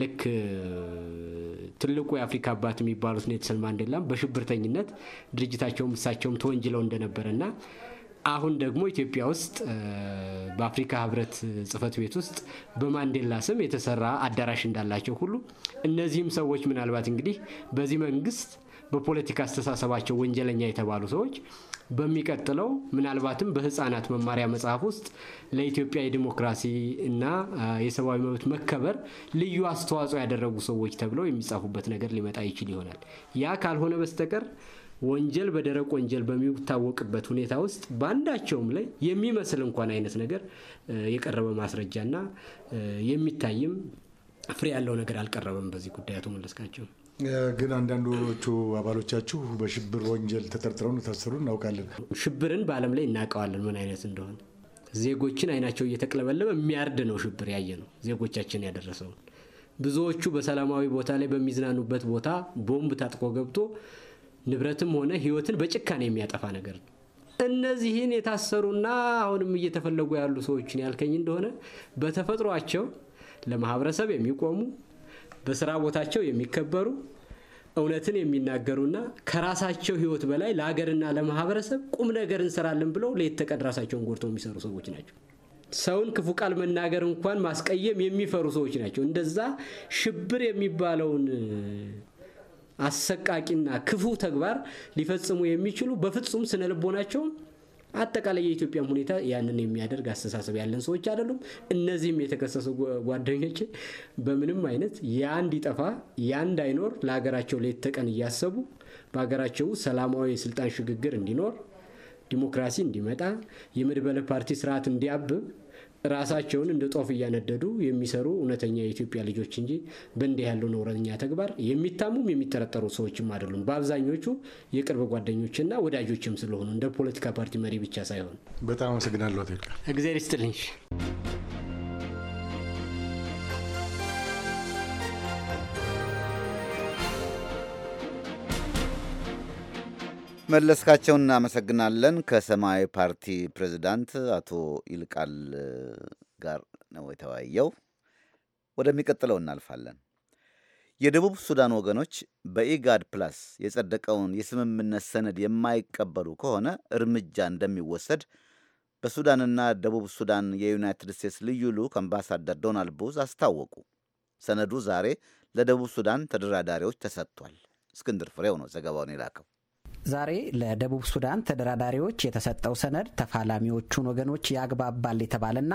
ልክ ትልቁ የአፍሪካ አባት የሚባሉት ኔልሰን ማንዴላም በሽብርተኝነት ድርጅታቸውም እሳቸውም ተወንጅለው እንደነበረ አሁን ደግሞ ኢትዮጵያ ውስጥ በአፍሪካ ህብረት ጽህፈት ቤት ውስጥ በማንዴላ ስም የተሰራ አዳራሽ እንዳላቸው ሁሉ እነዚህም ሰዎች ምናልባት እንግዲህ በዚህ መንግስት በፖለቲካ አስተሳሰባቸው ወንጀለኛ የተባሉ ሰዎች በሚቀጥለው ምናልባትም በህፃናት መማሪያ መጽሐፍ ውስጥ ለኢትዮጵያ የዲሞክራሲ እና የሰብአዊ መብት መከበር ልዩ አስተዋጽኦ ያደረጉ ሰዎች ተብለው የሚጻፉበት ነገር ሊመጣ ይችል ይሆናል። ያ ካልሆነ በስተቀር ወንጀል በደረቅ ወንጀል በሚታወቅበት ሁኔታ ውስጥ በአንዳቸውም ላይ የሚመስል እንኳን አይነት ነገር የቀረበ ማስረጃ ና የሚታይም ፍሬ ያለው ነገር አልቀረበም። በዚህ ጉዳይ አቶ መለስካቸው
ግን አንዳንዶቹ አባሎቻችሁ በሽብር ወንጀል ተጠርጥረው እንደታሰሩ እናውቃለን። ሽብርን በአለም ላይ እናውቀዋለን ምን
አይነት እንደሆነ። ዜጎችን አይናቸው እየተቅለበለበ የሚያርድ ነው ሽብር ያየ ነው ዜጎቻችን ያደረሰውን። ብዙዎቹ በሰላማዊ ቦታ ላይ በሚዝናኑበት ቦታ ቦምብ ታጥቆ ገብቶ ንብረትም ሆነ ህይወትን በጭካኔ የሚያጠፋ ነገር ነው። እነዚህን የታሰሩና አሁንም እየተፈለጉ ያሉ ሰዎችን ያልከኝ እንደሆነ በተፈጥሯቸው ለማህበረሰብ የሚቆሙ በስራ ቦታቸው የሚከበሩ እውነትን የሚናገሩና ከራሳቸው ህይወት በላይ ለሀገርና ለማህበረሰብ ቁም ነገር እንሰራለን ብለው ሌት ተቀን ራሳቸውን ጎድተው የሚሰሩ ሰዎች ናቸው። ሰውን ክፉ ቃል መናገር እንኳን ማስቀየም የሚፈሩ ሰዎች ናቸው። እንደዛ ሽብር የሚባለውን አሰቃቂና ክፉ ተግባር ሊፈጽሙ የሚችሉ በፍጹም ስነ አጠቃላይ የኢትዮጵያን ሁኔታ ያንን የሚያደርግ አስተሳሰብ ያለን ሰዎች አይደሉም። እነዚህም የተከሰሱ ጓደኞች በምንም አይነት የአንድ ይጠፋ የአንድ አይኖር ለሀገራቸው ሌት ተቀን እያሰቡ በሀገራቸው ሰላማዊ የስልጣን ሽግግር እንዲኖር ዲሞክራሲ እንዲመጣ የመድበለ ፓርቲ ስርዓት እንዲያብብ ራሳቸውን እንደ ጦፍ እያነደዱ የሚሰሩ እውነተኛ የኢትዮጵያ ልጆች እንጂ በእንዲህ ያለው ነውረኛ ተግባር የሚታሙም የሚጠረጠሩ ሰዎችም አይደሉም። በአብዛኞቹ የቅርብ ጓደኞችና ወዳጆችም ስለሆኑ እንደ ፖለቲካ ፓርቲ መሪ ብቻ ሳይሆን። በጣም አመሰግናለሁ። እግዚአብሔር ይስጥልኝ።
መለስካቸውን እናመሰግናለን። ከሰማያዊ ፓርቲ ፕሬዚዳንት አቶ ይልቃል ጋር ነው የተወያየው። ወደሚቀጥለው እናልፋለን። የደቡብ ሱዳን ወገኖች በኢጋድ ፕላስ የጸደቀውን የስምምነት ሰነድ የማይቀበሉ ከሆነ እርምጃ እንደሚወሰድ በሱዳንና ደቡብ ሱዳን የዩናይትድ ስቴትስ ልዩ ልዑክ አምባሳደር ዶናልድ ቡዝ አስታወቁ። ሰነዱ ዛሬ ለደቡብ ሱዳን ተደራዳሪዎች ተሰጥቷል። እስክንድር ፍሬው ነው ዘገባውን የላከው።
ዛሬ ለደቡብ ሱዳን ተደራዳሪዎች የተሰጠው ሰነድ ተፋላሚዎቹን ወገኖች ያግባባል የተባለና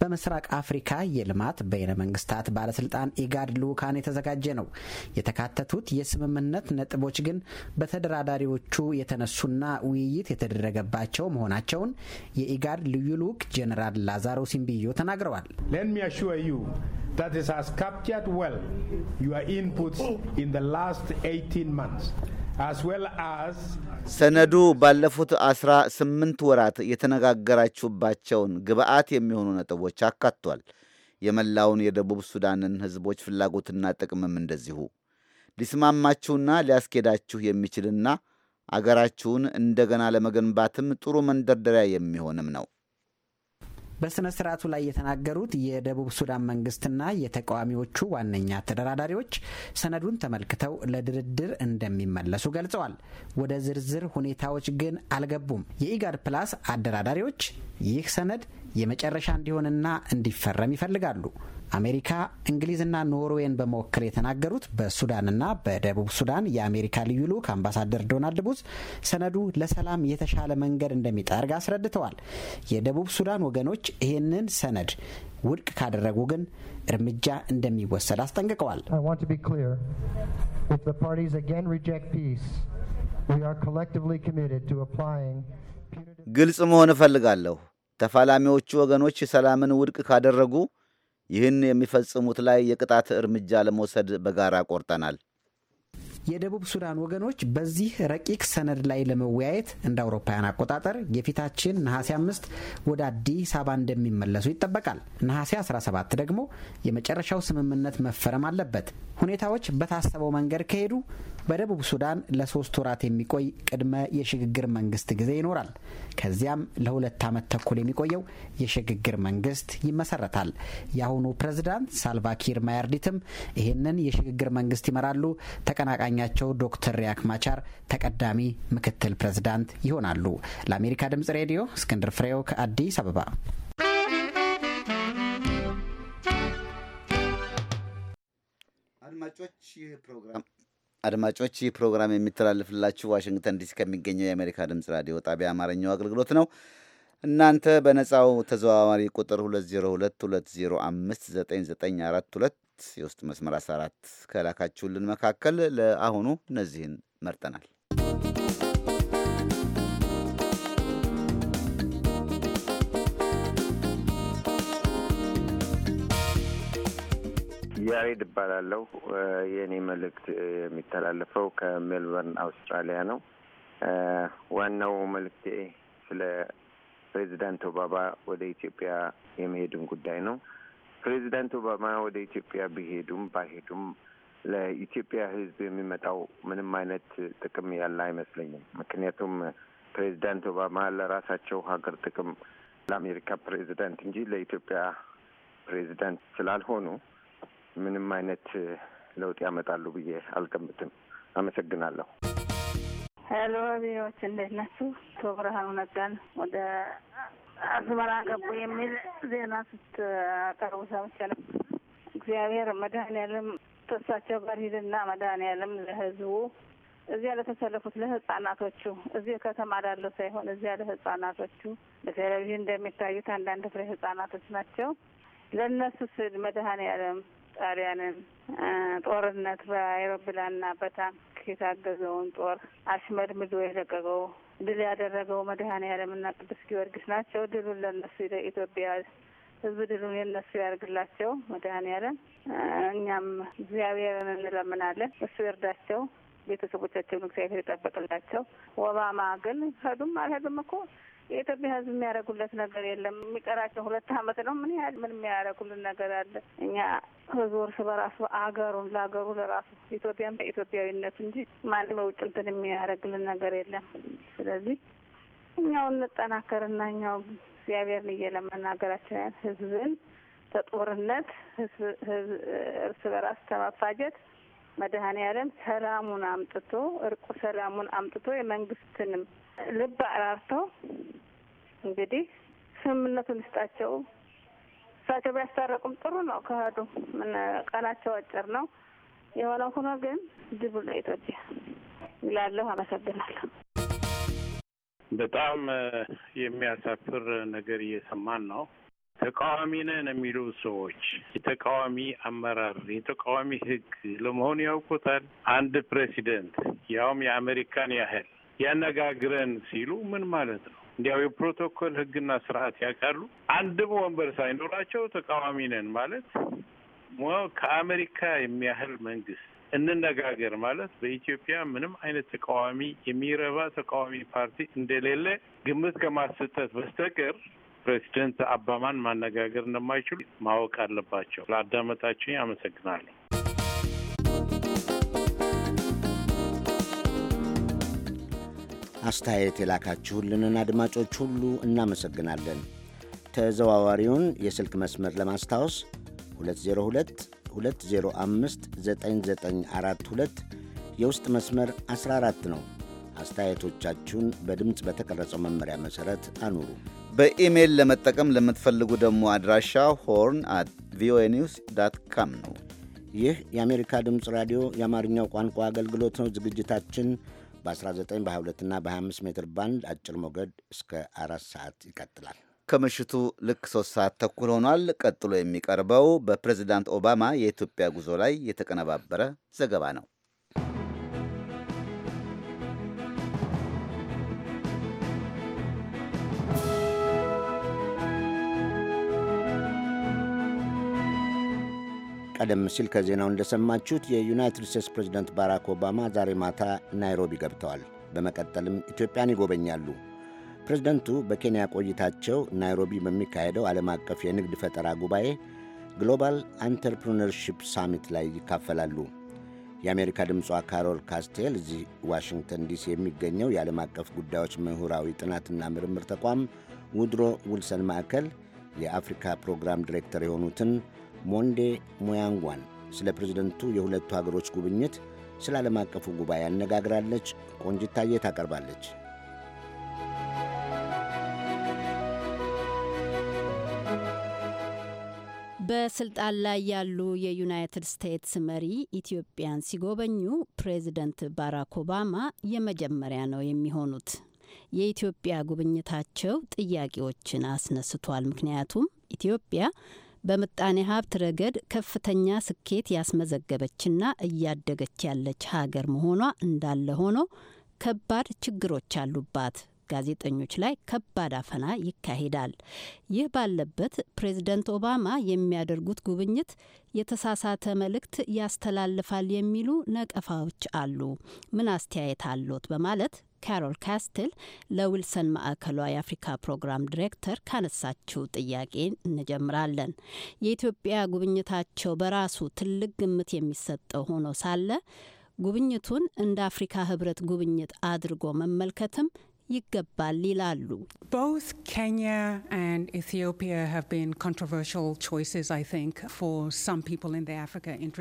በምስራቅ አፍሪካ የልማት በይነ መንግስታት ባለስልጣን ኢጋድ ልዑካን የተዘጋጀ ነው። የተካተቱት የስምምነት ነጥቦች ግን በተደራዳሪዎቹ የተነሱና ውይይት የተደረገባቸው መሆናቸውን የኢጋድ ልዩ ልዑክ ጄኔራል ላዛሮ ሲምቢዮ ተናግረዋል። that is has
captured 18
ሰነዱ ባለፉት አስራ ስምንት ወራት የተነጋገራችሁባቸውን ግብአት የሚሆኑ ነጥቦች አካቷል። የመላውን የደቡብ ሱዳንን ሕዝቦች ፍላጎትና ጥቅምም እንደዚሁ ሊስማማችሁና ሊያስኬዳችሁ የሚችልና አገራችሁን እንደገና ለመገንባትም ጥሩ መንደርደሪያ የሚሆንም ነው።
በስነ ስርዓቱ ላይ የተናገሩት የደቡብ ሱዳን መንግስትና የተቃዋሚዎቹ ዋነኛ ተደራዳሪዎች ሰነዱን ተመልክተው ለድርድር እንደሚመለሱ ገልጸዋል። ወደ ዝርዝር ሁኔታዎች ግን አልገቡም። የኢጋድ ፕላስ አደራዳሪዎች ይህ ሰነድ የመጨረሻ እንዲሆንና እንዲፈረም ይፈልጋሉ። አሜሪካ እንግሊዝና ኖርዌን በመወከል የተናገሩት በሱዳንና በደቡብ ሱዳን የአሜሪካ ልዩ ልኡክ አምባሳደር ዶናልድ ቡዝ ሰነዱ ለሰላም የተሻለ መንገድ እንደሚጠርግ አስረድተዋል። የደቡብ ሱዳን ወገኖች ይህንን ሰነድ ውድቅ ካደረጉ ግን እርምጃ
እንደሚወሰድ አስጠንቅቀዋል። ግልጽ መሆን እፈልጋለሁ። ተፋላሚዎቹ ወገኖች ሰላምን ውድቅ ካደረጉ ይህን የሚፈጽሙት ላይ የቅጣት እርምጃ ለመውሰድ በጋራ ቆርጠናል።
የደቡብ ሱዳን ወገኖች በዚህ ረቂቅ ሰነድ ላይ ለመወያየት እንደ አውሮፓውያን አቆጣጠር የፊታችን ነሐሴ አምስት ወደ አዲስ አበባ እንደሚመለሱ ይጠበቃል። ነሐሴ 17 ደግሞ የመጨረሻው ስምምነት መፈረም አለበት። ሁኔታዎች በታሰበው መንገድ ከሄዱ በደቡብ ሱዳን ለሶስት ወራት የሚቆይ ቅድመ የሽግግር መንግስት ጊዜ ይኖራል። ከዚያም ለሁለት ዓመት ተኩል የሚቆየው የሽግግር መንግስት ይመሰረታል። የአሁኑ ፕሬዝዳንት ሳልቫኪር ማያርዲትም ይህንን የሽግግር መንግስት ይመራሉ። ተቀናቃኝ ዳኛቸው ዶክተር ሪያክ ማቻር ተቀዳሚ ምክትል ፕሬዝዳንት ይሆናሉ። ለአሜሪካ ድምጽ ሬዲዮ እስክንድር ፍሬው
ከአዲስ አበባ። አድማጮች ይህ ፕሮግራም የሚተላለፍላችሁ ዋሽንግተን ዲሲ ከሚገኘው የአሜሪካ ድምጽ ራዲዮ ጣቢያ አማርኛው አገልግሎት ነው። እናንተ በነጻው ተዘዋዋሪ ቁጥር 2022059942 የውስጥ መስመር 14 ከላካችሁልን መካከል ለአሁኑ እነዚህን መርጠናል።
ያሬድ እባላለሁ። የእኔ መልእክት የሚተላለፈው ከሜልበርን አውስትራሊያ ነው። ዋናው መልእክቴ ስለ ፕሬዚዳንት ኦባማ ወደ ኢትዮጵያ የመሄድን ጉዳይ ነው። ፕሬዚዳንት ኦባማ ወደ ኢትዮጵያ ቢሄዱም ባይሄዱም ለኢትዮጵያ ሕዝብ የሚመጣው ምንም አይነት ጥቅም ያለ አይመስለኝም። ምክንያቱም ፕሬዚዳንት ኦባማ ለራሳቸው ሀገር ጥቅም ለአሜሪካ ፕሬዚዳንት እንጂ ለኢትዮጵያ ፕሬዚዳንት ስላልሆኑ ምንም አይነት ለውጥ ያመጣሉ ብዬ አልገምትም። አመሰግናለሁ።
ሄሎ ቢዎች እንዴት ነሱ? ቶ ብርሃኑ ነጋን ወደ አስመራ ገቡ የሚል ዜና ስትቀርቡ ሰምቻለሁ። እግዚአብሔር መድኃኔዓለም ተሳቸው ጋር ሂድና መድኃኔዓለም ለህዝቡ እዚያ ለተሰለፉት ለህጻናቶቹ እዚህ ከተማ ላለው ሳይሆን እዚያ ለህጻናቶቹ በቴሌቪዥን እንደሚታዩት አንዳንድ ፍሬ ህጻናቶች ናቸው። ለእነሱ ስል መድኃኔዓለም ጣሊያንን ጦርነት በአይሮፕላንና በታንክ የታገዘውን ጦር አሽመድምዶ የለቀቀው ድል ያደረገው መድኃኔ ዓለምና ቅዱስ ጊዮርጊስ ናቸው። ድሉን ለነሱ ኢትዮጵያ ሕዝብ ድሉን የነሱ ያደርግላቸው መድኃኔ ዓለም። እኛም እግዚአብሔርን እንለምናለን፣ እሱ ይርዳቸው፣ ቤተሰቦቻቸውን እግዚአብሔር ይጠበቅላቸው። ወባማ ግን ሄዱም አልሄዱም እኮ የኢትዮጵያ ሕዝብ የሚያደርጉለት ነገር የለም። የሚቀራቸው ሁለት አመት ነው። ምን ያህል ምን የሚያደርጉልን ነገር አለ? እኛ ህዝብ እርስ በራሱ አገሩን ለሀገሩ ለራሱ ኢትዮጵያን በኢትዮጵያዊነቱ እንጂ ማንም የውጭ እንትን የሚያደርግልን ነገር የለም። ስለዚህ እኛው እንጠናከርና እኛው እግዚአብሔርን እየለመን ሀገራችን ህዝብን ተጦርነት እርስ በራስ ተመፋጀት መድኃኔ ዓለም ሰላሙን አምጥቶ እርቁ ሰላሙን አምጥቶ የመንግስትንም ልብ አራርተው እንግዲህ ስምምነቱን ይስጣቸው። እሳቸው ቢያስታረቁም ጥሩ ነው። ከህዱ ምን ቀናቸው አጭር ነው። የሆነ ሆኖ ግን ድብል ነው ኢትዮጵያ ይላለሁ። አመሰግናለሁ።
በጣም የሚያሳፍር ነገር እየሰማን ነው። ተቃዋሚ ነን የሚሉ ሰዎች የተቃዋሚ አመራር፣ የተቃዋሚ ህግ ለመሆኑ ያውቁታል? አንድ ፕሬዚደንት ያውም የአሜሪካን ያህል ያነጋግረን ሲሉ ምን ማለት ነው? እንዲያው የፕሮቶኮል ህግና ስርዓት ያውቃሉ። አንድም ወንበር ሳይኖራቸው ተቃዋሚ ነን ማለት ከአሜሪካ የሚያህል መንግስት እንነጋገር ማለት በኢትዮጵያ ምንም አይነት ተቃዋሚ የሚረባ ተቃዋሚ ፓርቲ እንደሌለ ግምት ከማሰጠት በስተቀር ፕሬዚደንት አባማን ማነጋገር እንደማይችሉ ማወቅ አለባቸው። ለአዳመጣችን አመሰግናለሁ።
አስተያየት የላካችሁልንን አድማጮች ሁሉ እናመሰግናለን። ተዘዋዋሪውን የስልክ መስመር ለማስታወስ 2022059942 የውስጥ መስመር 14 ነው። አስተያየቶቻችሁን በድምፅ በተቀረጸው መመሪያ መሠረት አኑሩ። በኢሜይል ለመጠቀም ለምትፈልጉ ደግሞ አድራሻ ሆርን አት ቪኦኤ ኒውስ ዳት ካም ነው። ይህ የአሜሪካ ድምፅ ራዲዮ የአማርኛው ቋንቋ አገልግሎት ነው። ዝግጅታችን በ19 በ22ና በ25 ሜትር ባንድ አጭር ሞገድ እስከ አራት ሰዓት ይቀጥላል። ከምሽቱ ልክ ሶስት ሰዓት ተኩል ሆኗል። ቀጥሎ የሚቀርበው በፕሬዚዳንት ኦባማ
የኢትዮጵያ ጉዞ ላይ የተቀነባበረ ዘገባ ነው።
ቀደም ሲል ከዜናው እንደሰማችሁት የዩናይትድ ስቴትስ ፕሬዚደንት ባራክ ኦባማ ዛሬ ማታ ናይሮቢ ገብተዋል። በመቀጠልም ኢትዮጵያን ይጎበኛሉ። ፕሬዚደንቱ በኬንያ ቆይታቸው ናይሮቢ በሚካሄደው ዓለም አቀፍ የንግድ ፈጠራ ጉባኤ ግሎባል አንተርፕሪነርሺፕ ሳሚት ላይ ይካፈላሉ። የአሜሪካ ድምጿ ካሮል ካስቴል እዚህ ዋሽንግተን ዲሲ የሚገኘው የዓለም አቀፍ ጉዳዮች ምሁራዊ ጥናትና ምርምር ተቋም ውድሮ ውልሰን ማዕከል የአፍሪካ ፕሮግራም ዲሬክተር የሆኑትን ሞንዴ ሙያንጓን ስለ ፕሬዝደንቱ የሁለቱ ሀገሮች ጉብኝት፣ ስለ ዓለም አቀፉ ጉባኤ አነጋግራለች። ቆንጅታየ ታቀርባለች።
በስልጣን ላይ ያሉ የዩናይትድ ስቴትስ መሪ ኢትዮጵያን ሲጎበኙ ፕሬዚደንት ባራክ ኦባማ የመጀመሪያ ነው የሚሆኑት። የኢትዮጵያ ጉብኝታቸው ጥያቄዎችን አስነስቷል። ምክንያቱም ኢትዮጵያ በምጣኔ ሀብት ረገድ ከፍተኛ ስኬት ያስመዘገበችና እያደገች ያለች ሀገር መሆኗ እንዳለ ሆኖ ከባድ ችግሮች አሉባት። ጋዜጠኞች ላይ ከባድ አፈና ይካሄዳል። ይህ ባለበት ፕሬዝደንት ኦባማ የሚያደርጉት ጉብኝት የተሳሳተ መልእክት ያስተላልፋል የሚሉ ነቀፋዎች አሉ። ምን አስተያየት አሎት? በማለት ካሮል ካስትል ለዊልሰን ማዕከሏ የአፍሪካ ፕሮግራም ዲሬክተር ካነሳችው ጥያቄ እንጀምራለን። የኢትዮጵያ ጉብኝታቸው በራሱ ትልቅ ግምት የሚሰጠው ሆኖ ሳለ ጉብኝቱን እንደ አፍሪካ ህብረት ጉብኝት አድርጎ መመልከትም ይገባል ይላሉ።
ኬንያ ቢን አይ
ኢን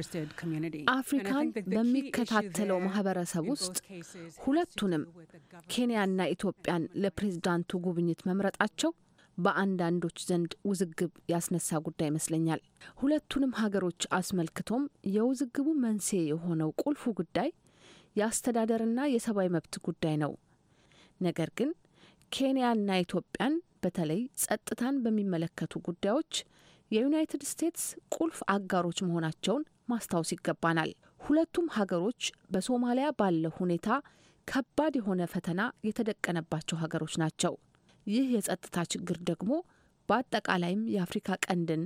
አፍሪካን በሚከታተለው ማህበረሰብ ውስጥ ሁለቱንም ኬንያና ኢትዮጵያን ለፕሬዝዳንቱ ጉብኝት መምረጣቸው በአንዳንዶች ዘንድ ውዝግብ ያስነሳ ጉዳይ ይመስለኛል። ሁለቱንም ሀገሮች አስመልክቶም የውዝግቡ መንስኤ የሆነው ቁልፉ ጉዳይ የአስተዳደርና የሰብአዊ መብት ጉዳይ ነው። ነገር ግን ኬንያና ኢትዮጵያን በተለይ ጸጥታን በሚመለከቱ ጉዳዮች የዩናይትድ ስቴትስ ቁልፍ አጋሮች መሆናቸውን ማስታወስ ይገባናል። ሁለቱም ሀገሮች በሶማሊያ ባለው ሁኔታ ከባድ የሆነ ፈተና የተደቀነባቸው ሀገሮች ናቸው። ይህ የጸጥታ ችግር ደግሞ በአጠቃላይም የአፍሪካ ቀንድን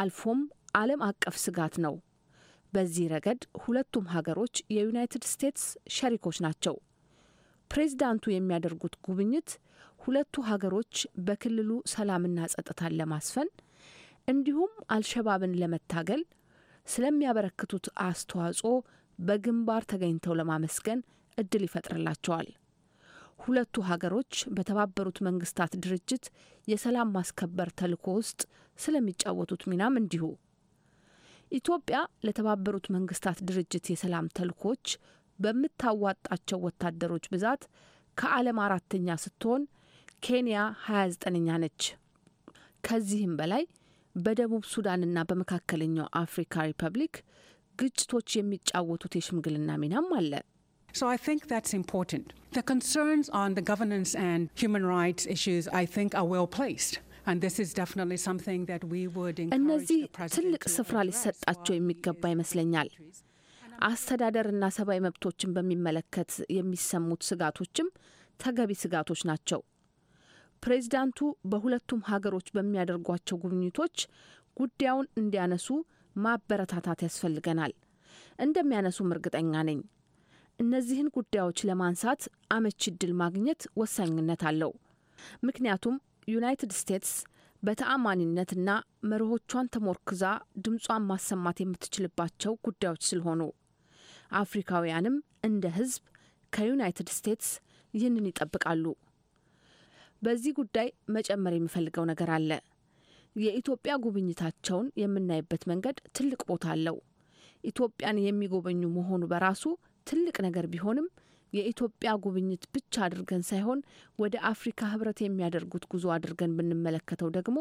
አልፎም ዓለም አቀፍ ስጋት ነው። በዚህ ረገድ ሁለቱም ሀገሮች የዩናይትድ ስቴትስ ሸሪኮች ናቸው። ፕሬዚዳንቱ የሚያደርጉት ጉብኝት ሁለቱ ሀገሮች በክልሉ ሰላምና ጸጥታን ለማስፈን እንዲሁም አልሸባብን ለመታገል ስለሚያበረክቱት አስተዋጽኦ በግንባር ተገኝተው ለማመስገን እድል ይፈጥርላቸዋል። ሁለቱ ሀገሮች በተባበሩት መንግስታት ድርጅት የሰላም ማስከበር ተልኮ ውስጥ ስለሚጫወቱት ሚናም እንዲሁ ኢትዮጵያ ለተባበሩት መንግስታት ድርጅት የሰላም ተልዕኮች በምታዋጣቸው ወታደሮች ብዛት ከዓለም አራተኛ ስትሆን ኬንያ 29ኛ ነች። ከዚህም በላይ በደቡብ ሱዳንና በመካከለኛው አፍሪካ ሪፐብሊክ ግጭቶች የሚጫወቱት የሽምግልና ሚናም አለ። So I think that's
important. The concerns on the governance and human rights issues I think are well placed.
እነዚህ ትልቅ ስፍራ ሊሰጣቸው የሚገባ ይመስለኛል። አስተዳደርና ሰብአዊ መብቶችን በሚመለከት የሚሰሙት ስጋቶችም ተገቢ ስጋቶች ናቸው። ፕሬዚዳንቱ በሁለቱም ሀገሮች በሚያደርጓቸው ጉብኝቶች ጉዳዩን እንዲያነሱ ማበረታታት ያስፈልገናል። እንደሚያነሱም እርግጠኛ ነኝ። እነዚህን ጉዳዮች ለማንሳት አመቺ እድል ማግኘት ወሳኝነት አለው። ምክንያቱም ዩናይትድ ስቴትስ በተአማኒነትና መርሆቿን ተሞርክዛ ድምጿን ማሰማት የምትችልባቸው ጉዳዮች ስለሆኑ አፍሪካውያንም እንደ ህዝብ ከዩናይትድ ስቴትስ ይህንን ይጠብቃሉ። በዚህ ጉዳይ መጨመር የሚፈልገው ነገር አለ። የኢትዮጵያ ጉብኝታቸውን የምናይበት መንገድ ትልቅ ቦታ አለው። ኢትዮጵያን የሚጎበኙ መሆኑ በራሱ ትልቅ ነገር ቢሆንም የኢትዮጵያ ጉብኝት ብቻ አድርገን ሳይሆን ወደ አፍሪካ ህብረት የሚያደርጉት ጉዞ አድርገን ብንመለከተው ደግሞ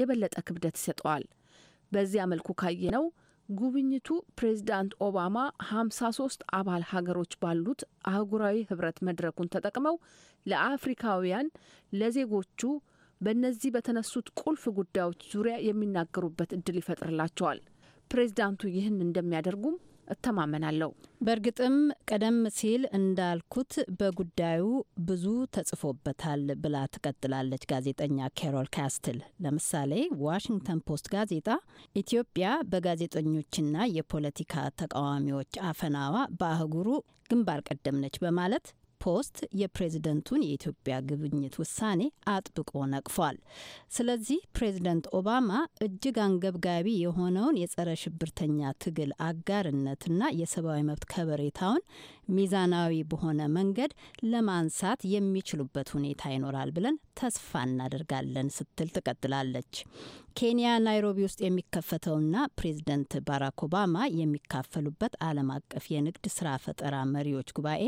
የበለጠ ክብደት ይሰጠዋል። በዚያ መልኩ ካየ ነው ጉብኝቱ ፕሬዚዳንት ኦባማ 53 አባል ሀገሮች ባሉት አህጉራዊ ህብረት መድረኩን ተጠቅመው ለአፍሪካውያን ለዜጎቹ በእነዚህ በተነሱት ቁልፍ ጉዳዮች ዙሪያ የሚናገሩበት እድል ይፈጥርላቸዋል። ፕሬዚዳንቱ ይህን
እንደሚያደርጉም እተማመናለሁ። በእርግጥም ቀደም ሲል እንዳልኩት በጉዳዩ ብዙ ተጽፎበታል ብላ ትቀጥላለች ጋዜጠኛ ኬሮል ካስትል። ለምሳሌ ዋሽንግተን ፖስት ጋዜጣ ኢትዮጵያ በጋዜጠኞችና የፖለቲካ ተቃዋሚዎች አፈናዋ በአህጉሩ ግንባር ቀደም ነች በማለት ፖስት የፕሬዝደንቱን የኢትዮጵያ ጉብኝት ውሳኔ አጥብቆ ነቅፏል። ስለዚህ ፕሬዝደንት ኦባማ እጅግ አንገብጋቢ የሆነውን የጸረ ሽብርተኛ ትግል አጋርነትና የሰብአዊ መብት ከበሬታውን ሚዛናዊ በሆነ መንገድ ለማንሳት የሚችሉበት ሁኔታ ይኖራል ብለን ተስፋ እናደርጋለን ስትል ትቀጥላለች። ኬንያ ናይሮቢ ውስጥ የሚከፈተውና ፕሬዝደንት ባራክ ኦባማ የሚካፈሉበት ዓለም አቀፍ የንግድ ስራ ፈጠራ መሪዎች ጉባኤ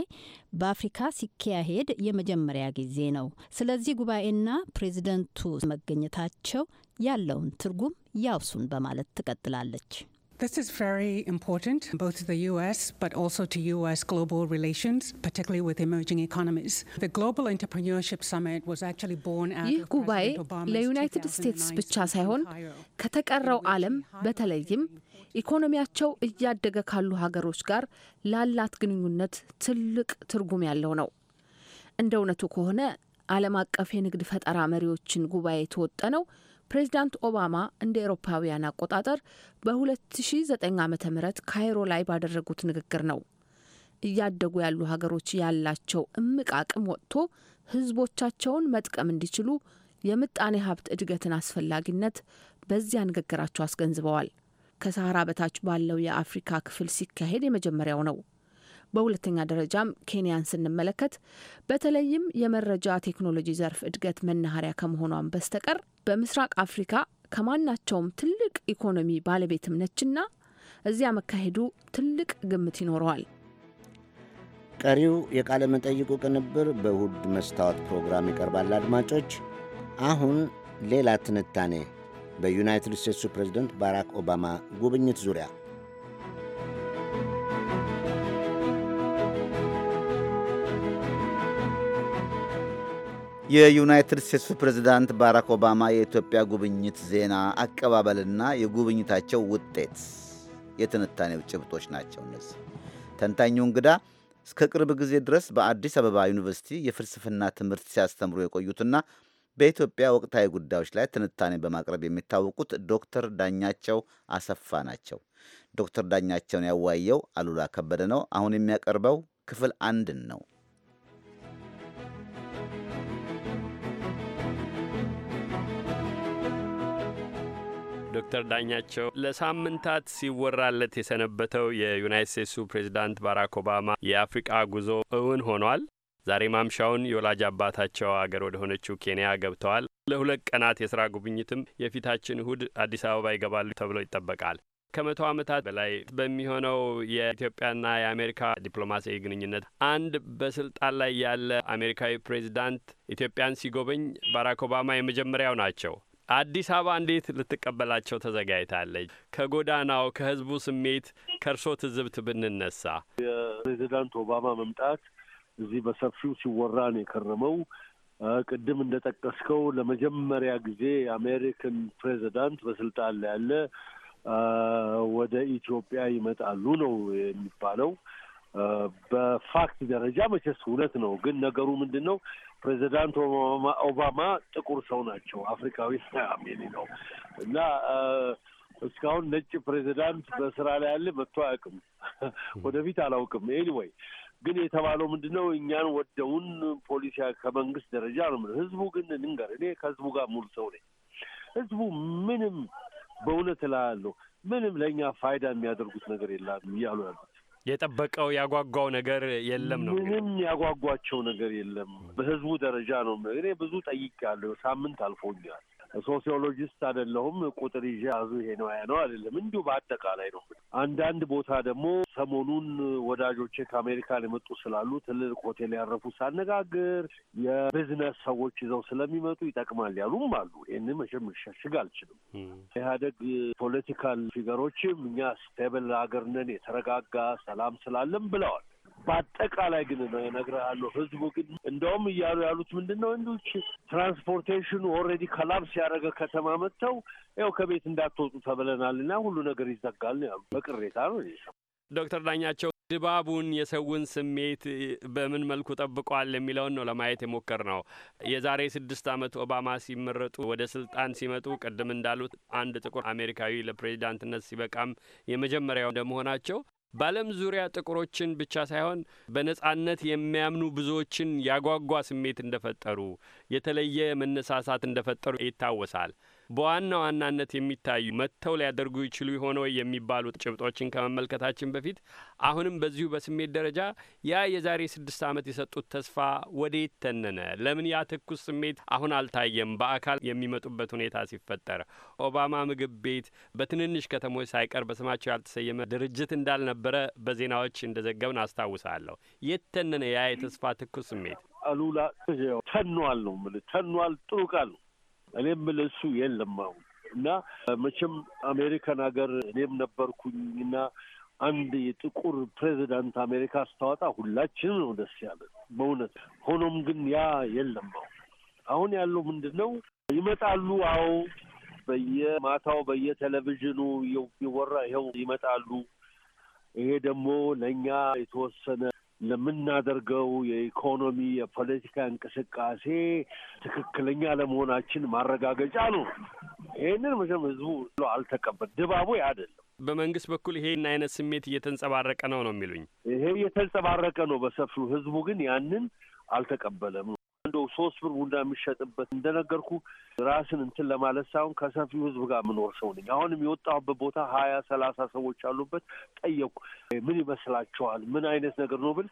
በአፍሪካ ሲካሄድ የመጀመሪያ ጊዜ ነው። ስለዚህ ጉባኤና ፕሬዝደንቱ መገኘታቸው ያለውን ትርጉም ያውሱን በማለት ትቀጥላለች። This is very
important, both to the U.S., but also to U.S. global relations, particularly with emerging economies. The Global Entrepreneurship Summit was actually born out ይህ ጉባኤ ለዩናይትድ ስቴትስ ብቻ
ሳይሆን ከተቀረው ዓለም በተለይም ኢኮኖሚያቸው እያደገ ካሉ ሀገሮች ጋር ላላት ግንኙነት ትልቅ ትርጉም ያለው ነው። እንደ እውነቱ ከሆነ ዓለም አቀፍ የንግድ ፈጠራ መሪዎችን ጉባኤ የተወጠነው ፕሬዚዳንት ኦባማ እንደ ኤሮፓውያን አቆጣጠር በ2009 ዓ ም ካይሮ ላይ ባደረጉት ንግግር ነው እያደጉ ያሉ ሀገሮች ያላቸው እምቅ አቅም ወጥቶ ህዝቦቻቸውን መጥቀም እንዲችሉ የምጣኔ ሀብት እድገትን አስፈላጊነት በዚያ ንግግራቸው አስገንዝበዋል። ከሳህራ በታች ባለው የአፍሪካ ክፍል ሲካሄድ የመጀመሪያው ነው። በሁለተኛ ደረጃም ኬንያን ስንመለከት በተለይም የመረጃ ቴክኖሎጂ ዘርፍ እድገት መናኸሪያ ከመሆኗን በስተቀር በምስራቅ አፍሪካ ከማናቸውም ትልቅ ኢኮኖሚ ባለቤትም ነችና እዚያ መካሄዱ ትልቅ ግምት ይኖረዋል።
ቀሪው የቃለ መጠይቁ ቅንብር በእሁድ መስታወት ፕሮግራም ይቀርባል። አድማጮች፣ አሁን ሌላ ትንታኔ በዩናይትድ ስቴትሱ ፕሬዝደንት ባራክ ኦባማ ጉብኝት ዙሪያ
የዩናይትድ ስቴትሱ ፕሬዝዳንት ባራክ ኦባማ የኢትዮጵያ ጉብኝት ዜና አቀባበልና የጉብኝታቸው ውጤት የትንታኔው ጭብጦች ናቸው። እነዚህ ተንታኙ እንግዳ እስከ ቅርብ ጊዜ ድረስ በአዲስ አበባ ዩኒቨርሲቲ የፍልስፍና ትምህርት ሲያስተምሩ የቆዩትና በኢትዮጵያ ወቅታዊ ጉዳዮች ላይ ትንታኔ በማቅረብ የሚታወቁት ዶክተር ዳኛቸው አሰፋ ናቸው። ዶክተር ዳኛቸውን ያዋየው አሉላ ከበደ ነው። አሁን የሚያቀርበው ክፍል አንድን ነው።
ዶክተር ዳኛቸው ለሳምንታት ሲወራለት የሰነበተው የዩናይት ስቴትሱ ፕሬዚዳንት ባራክ ኦባማ የአፍሪቃ ጉዞ እውን ሆኗል። ዛሬ ማምሻውን የወላጅ አባታቸው አገር ወደ ሆነችው ኬንያ ገብተዋል። ለሁለት ቀናት የስራ ጉብኝትም የፊታችን እሁድ አዲስ አበባ ይገባሉ ተብሎ ይጠበቃል። ከመቶ ዓመታት በላይ በሚሆነው የኢትዮጵያና የአሜሪካ ዲፕሎማሲያዊ ግንኙነት አንድ በስልጣን ላይ ያለ አሜሪካዊ ፕሬዚዳንት ኢትዮጵያን ሲጎበኝ ባራክ ኦባማ የመጀመሪያው ናቸው። አዲስ አበባ እንዴት ልትቀበላቸው ተዘጋጅታለች? ከጎዳናው ከህዝቡ ስሜት ከእርሶ ትዝብት ብንነሳ
የፕሬዚዳንት ኦባማ መምጣት እዚህ በሰፊው ሲወራ ነው የከረመው። ቅድም እንደ ጠቀስከው ለመጀመሪያ ጊዜ የአሜሪካን ፕሬዚዳንት በስልጣን ላይ ያለ ወደ ኢትዮጵያ ይመጣሉ ነው የሚባለው። በፋክት ደረጃ መቼስ እውነት ነው፣ ግን ነገሩ ምንድን ነው? ፕሬዚዳንት ኦባማ ጥቁር ሰው ናቸው፣ አፍሪካዊ ሳያሜኒ ነው እና እስካሁን ነጭ ፕሬዚዳንት በስራ ላይ ያለ መጥቶ አያውቅም። ወደፊት አላውቅም። ኤኒወይ ግን የተባለው ምንድን ነው? እኛን ወደውን ፖሊሲ ከመንግስት ደረጃ ነው። ህዝቡ ግን ንንገር፣ እኔ ከህዝቡ ጋር ሙሉ ሰው ነኝ። ህዝቡ ምንም በእውነት እላለሁ ምንም ለእኛ ፋይዳ የሚያደርጉት ነገር የላም እያሉ ያሉ
የጠበቀው ያጓጓው ነገር የለም ነው። ምንም ያጓጓቸው
ነገር የለም። በህዝቡ ደረጃ ነው። እኔ ብዙ ጠይቄያለሁ። ሳምንት አልፎኛል። ሶሲዮሎጂስት አይደለሁም። ቁጥር ይዤ ያዙ ይሄ ነው ያ ነው አይደለም፣ እንዲሁ በአጠቃላይ ነው። አንዳንድ ቦታ ደግሞ ሰሞኑን ወዳጆቼ ከአሜሪካን የመጡ ስላሉ ትልልቅ ሆቴል ያረፉ ሳነጋግር የቢዝነስ ሰዎች ይዘው ስለሚመጡ ይጠቅማል ያሉም አሉ። ይህን መቼም ልሸሽግ አልችልም። ኢህአደግ ፖለቲካል ፊገሮችም እኛ ስቴብል ሀገር የተረጋጋ ሰላም ስላለም ብለዋል። በአጠቃላይ ግን ነው እነግርሃለሁ። ህዝቡ ግን እንደውም እያሉ ያሉት ምንድን ነው እንዲች ትራንስፖርቴሽኑ ኦልሬዲ ከላብስ ያደረገ ከተማ መጥተው ያው ከቤት እንዳትወጡ እና ሁሉ ነገር ይዘጋል ነው ያሉ። በቅሬታ
ነው ዶክተር ዳኛቸው ድባቡን የሰውን ስሜት በምን መልኩ ጠብቋል የሚለውን ነው ለማየት የሞከር ነው። የዛሬ ስድስት ዓመት ኦባማ ሲመረጡ ወደ ስልጣን ሲመጡ ቅድም እንዳሉት አንድ ጥቁር አሜሪካዊ ለፕሬዚዳንትነት ሲበቃም የመጀመሪያው እንደመሆናቸው በዓለም ዙሪያ ጥቁሮችን ብቻ ሳይሆን በነጻነት የሚያምኑ ብዙዎችን ያጓጓ ስሜት እንደፈጠሩ የተለየ መነሳሳት እንደፈጠሩ ይታወሳል። በዋና ዋናነት የሚታዩ መጥተው ሊያደርጉ ይችሉ የሆነው የሚባሉ ጭብጦችን ከመመልከታችን በፊት አሁንም በዚሁ በስሜት ደረጃ ያ የዛሬ ስድስት ዓመት የሰጡት ተስፋ ወዴት ተነነ? ለምን ያ ትኩስ ስሜት አሁን አልታየም? በአካል የሚመጡበት ሁኔታ ሲፈጠር ኦባማ ምግብ ቤት በትንንሽ ከተሞች ሳይቀር በስማቸው ያልተሰየመ ድርጅት እንዳልነበረ በዜናዎች እንደዘገብን አስታውሳለሁ። የት ተነነ ያ የተስፋ ትኩስ ስሜት?
አሉላ ተኗል ነው የምልህ። ተኗል ጥሩ ቃል ነው። እኔ የምል እሱ የለም አሁን እና መቼም አሜሪካን ሀገር እኔም ነበርኩኝ አንድ የጥቁር ፕሬዚዳንት አሜሪካ አስተዋጣ ሁላችን ነው ደስ ያለ በእውነት። ሆኖም ግን ያ የለም አሁን አሁን ያለው ምንድን ነው? ይመጣሉ። አዎ በየማታው በየቴሌቪዥኑ ይወራ ይኸው ይመጣሉ። ይሄ ደግሞ ለእኛ የተወሰነ ለምናደርገው የኢኮኖሚ የፖለቲካ እንቅስቃሴ ትክክለኛ ለመሆናችን ማረጋገጫ ነው። ይህንን መቼም ህዝቡ አልተቀበል ድባቡ አይደለም።
በመንግስት በኩል ይሄን አይነት ስሜት እየተንጸባረቀ ነው ነው የሚሉኝ።
ይሄ እየተንጸባረቀ ነው በሰፊው ህዝቡ ግን ያንን አልተቀበለም። አንዱ ሶስት ብር ቡና የሚሸጥበት እንደነገርኩ ራስን እንትን ለማለት ሳይሆን ከሰፊው ህዝብ ጋር የምኖር ሰው ነኝ። አሁንም የወጣሁበት ቦታ ሀያ ሰላሳ ሰዎች አሉበት። ጠየቁ፣ ምን ይመስላችኋል? ምን አይነት ነገር ነው ብል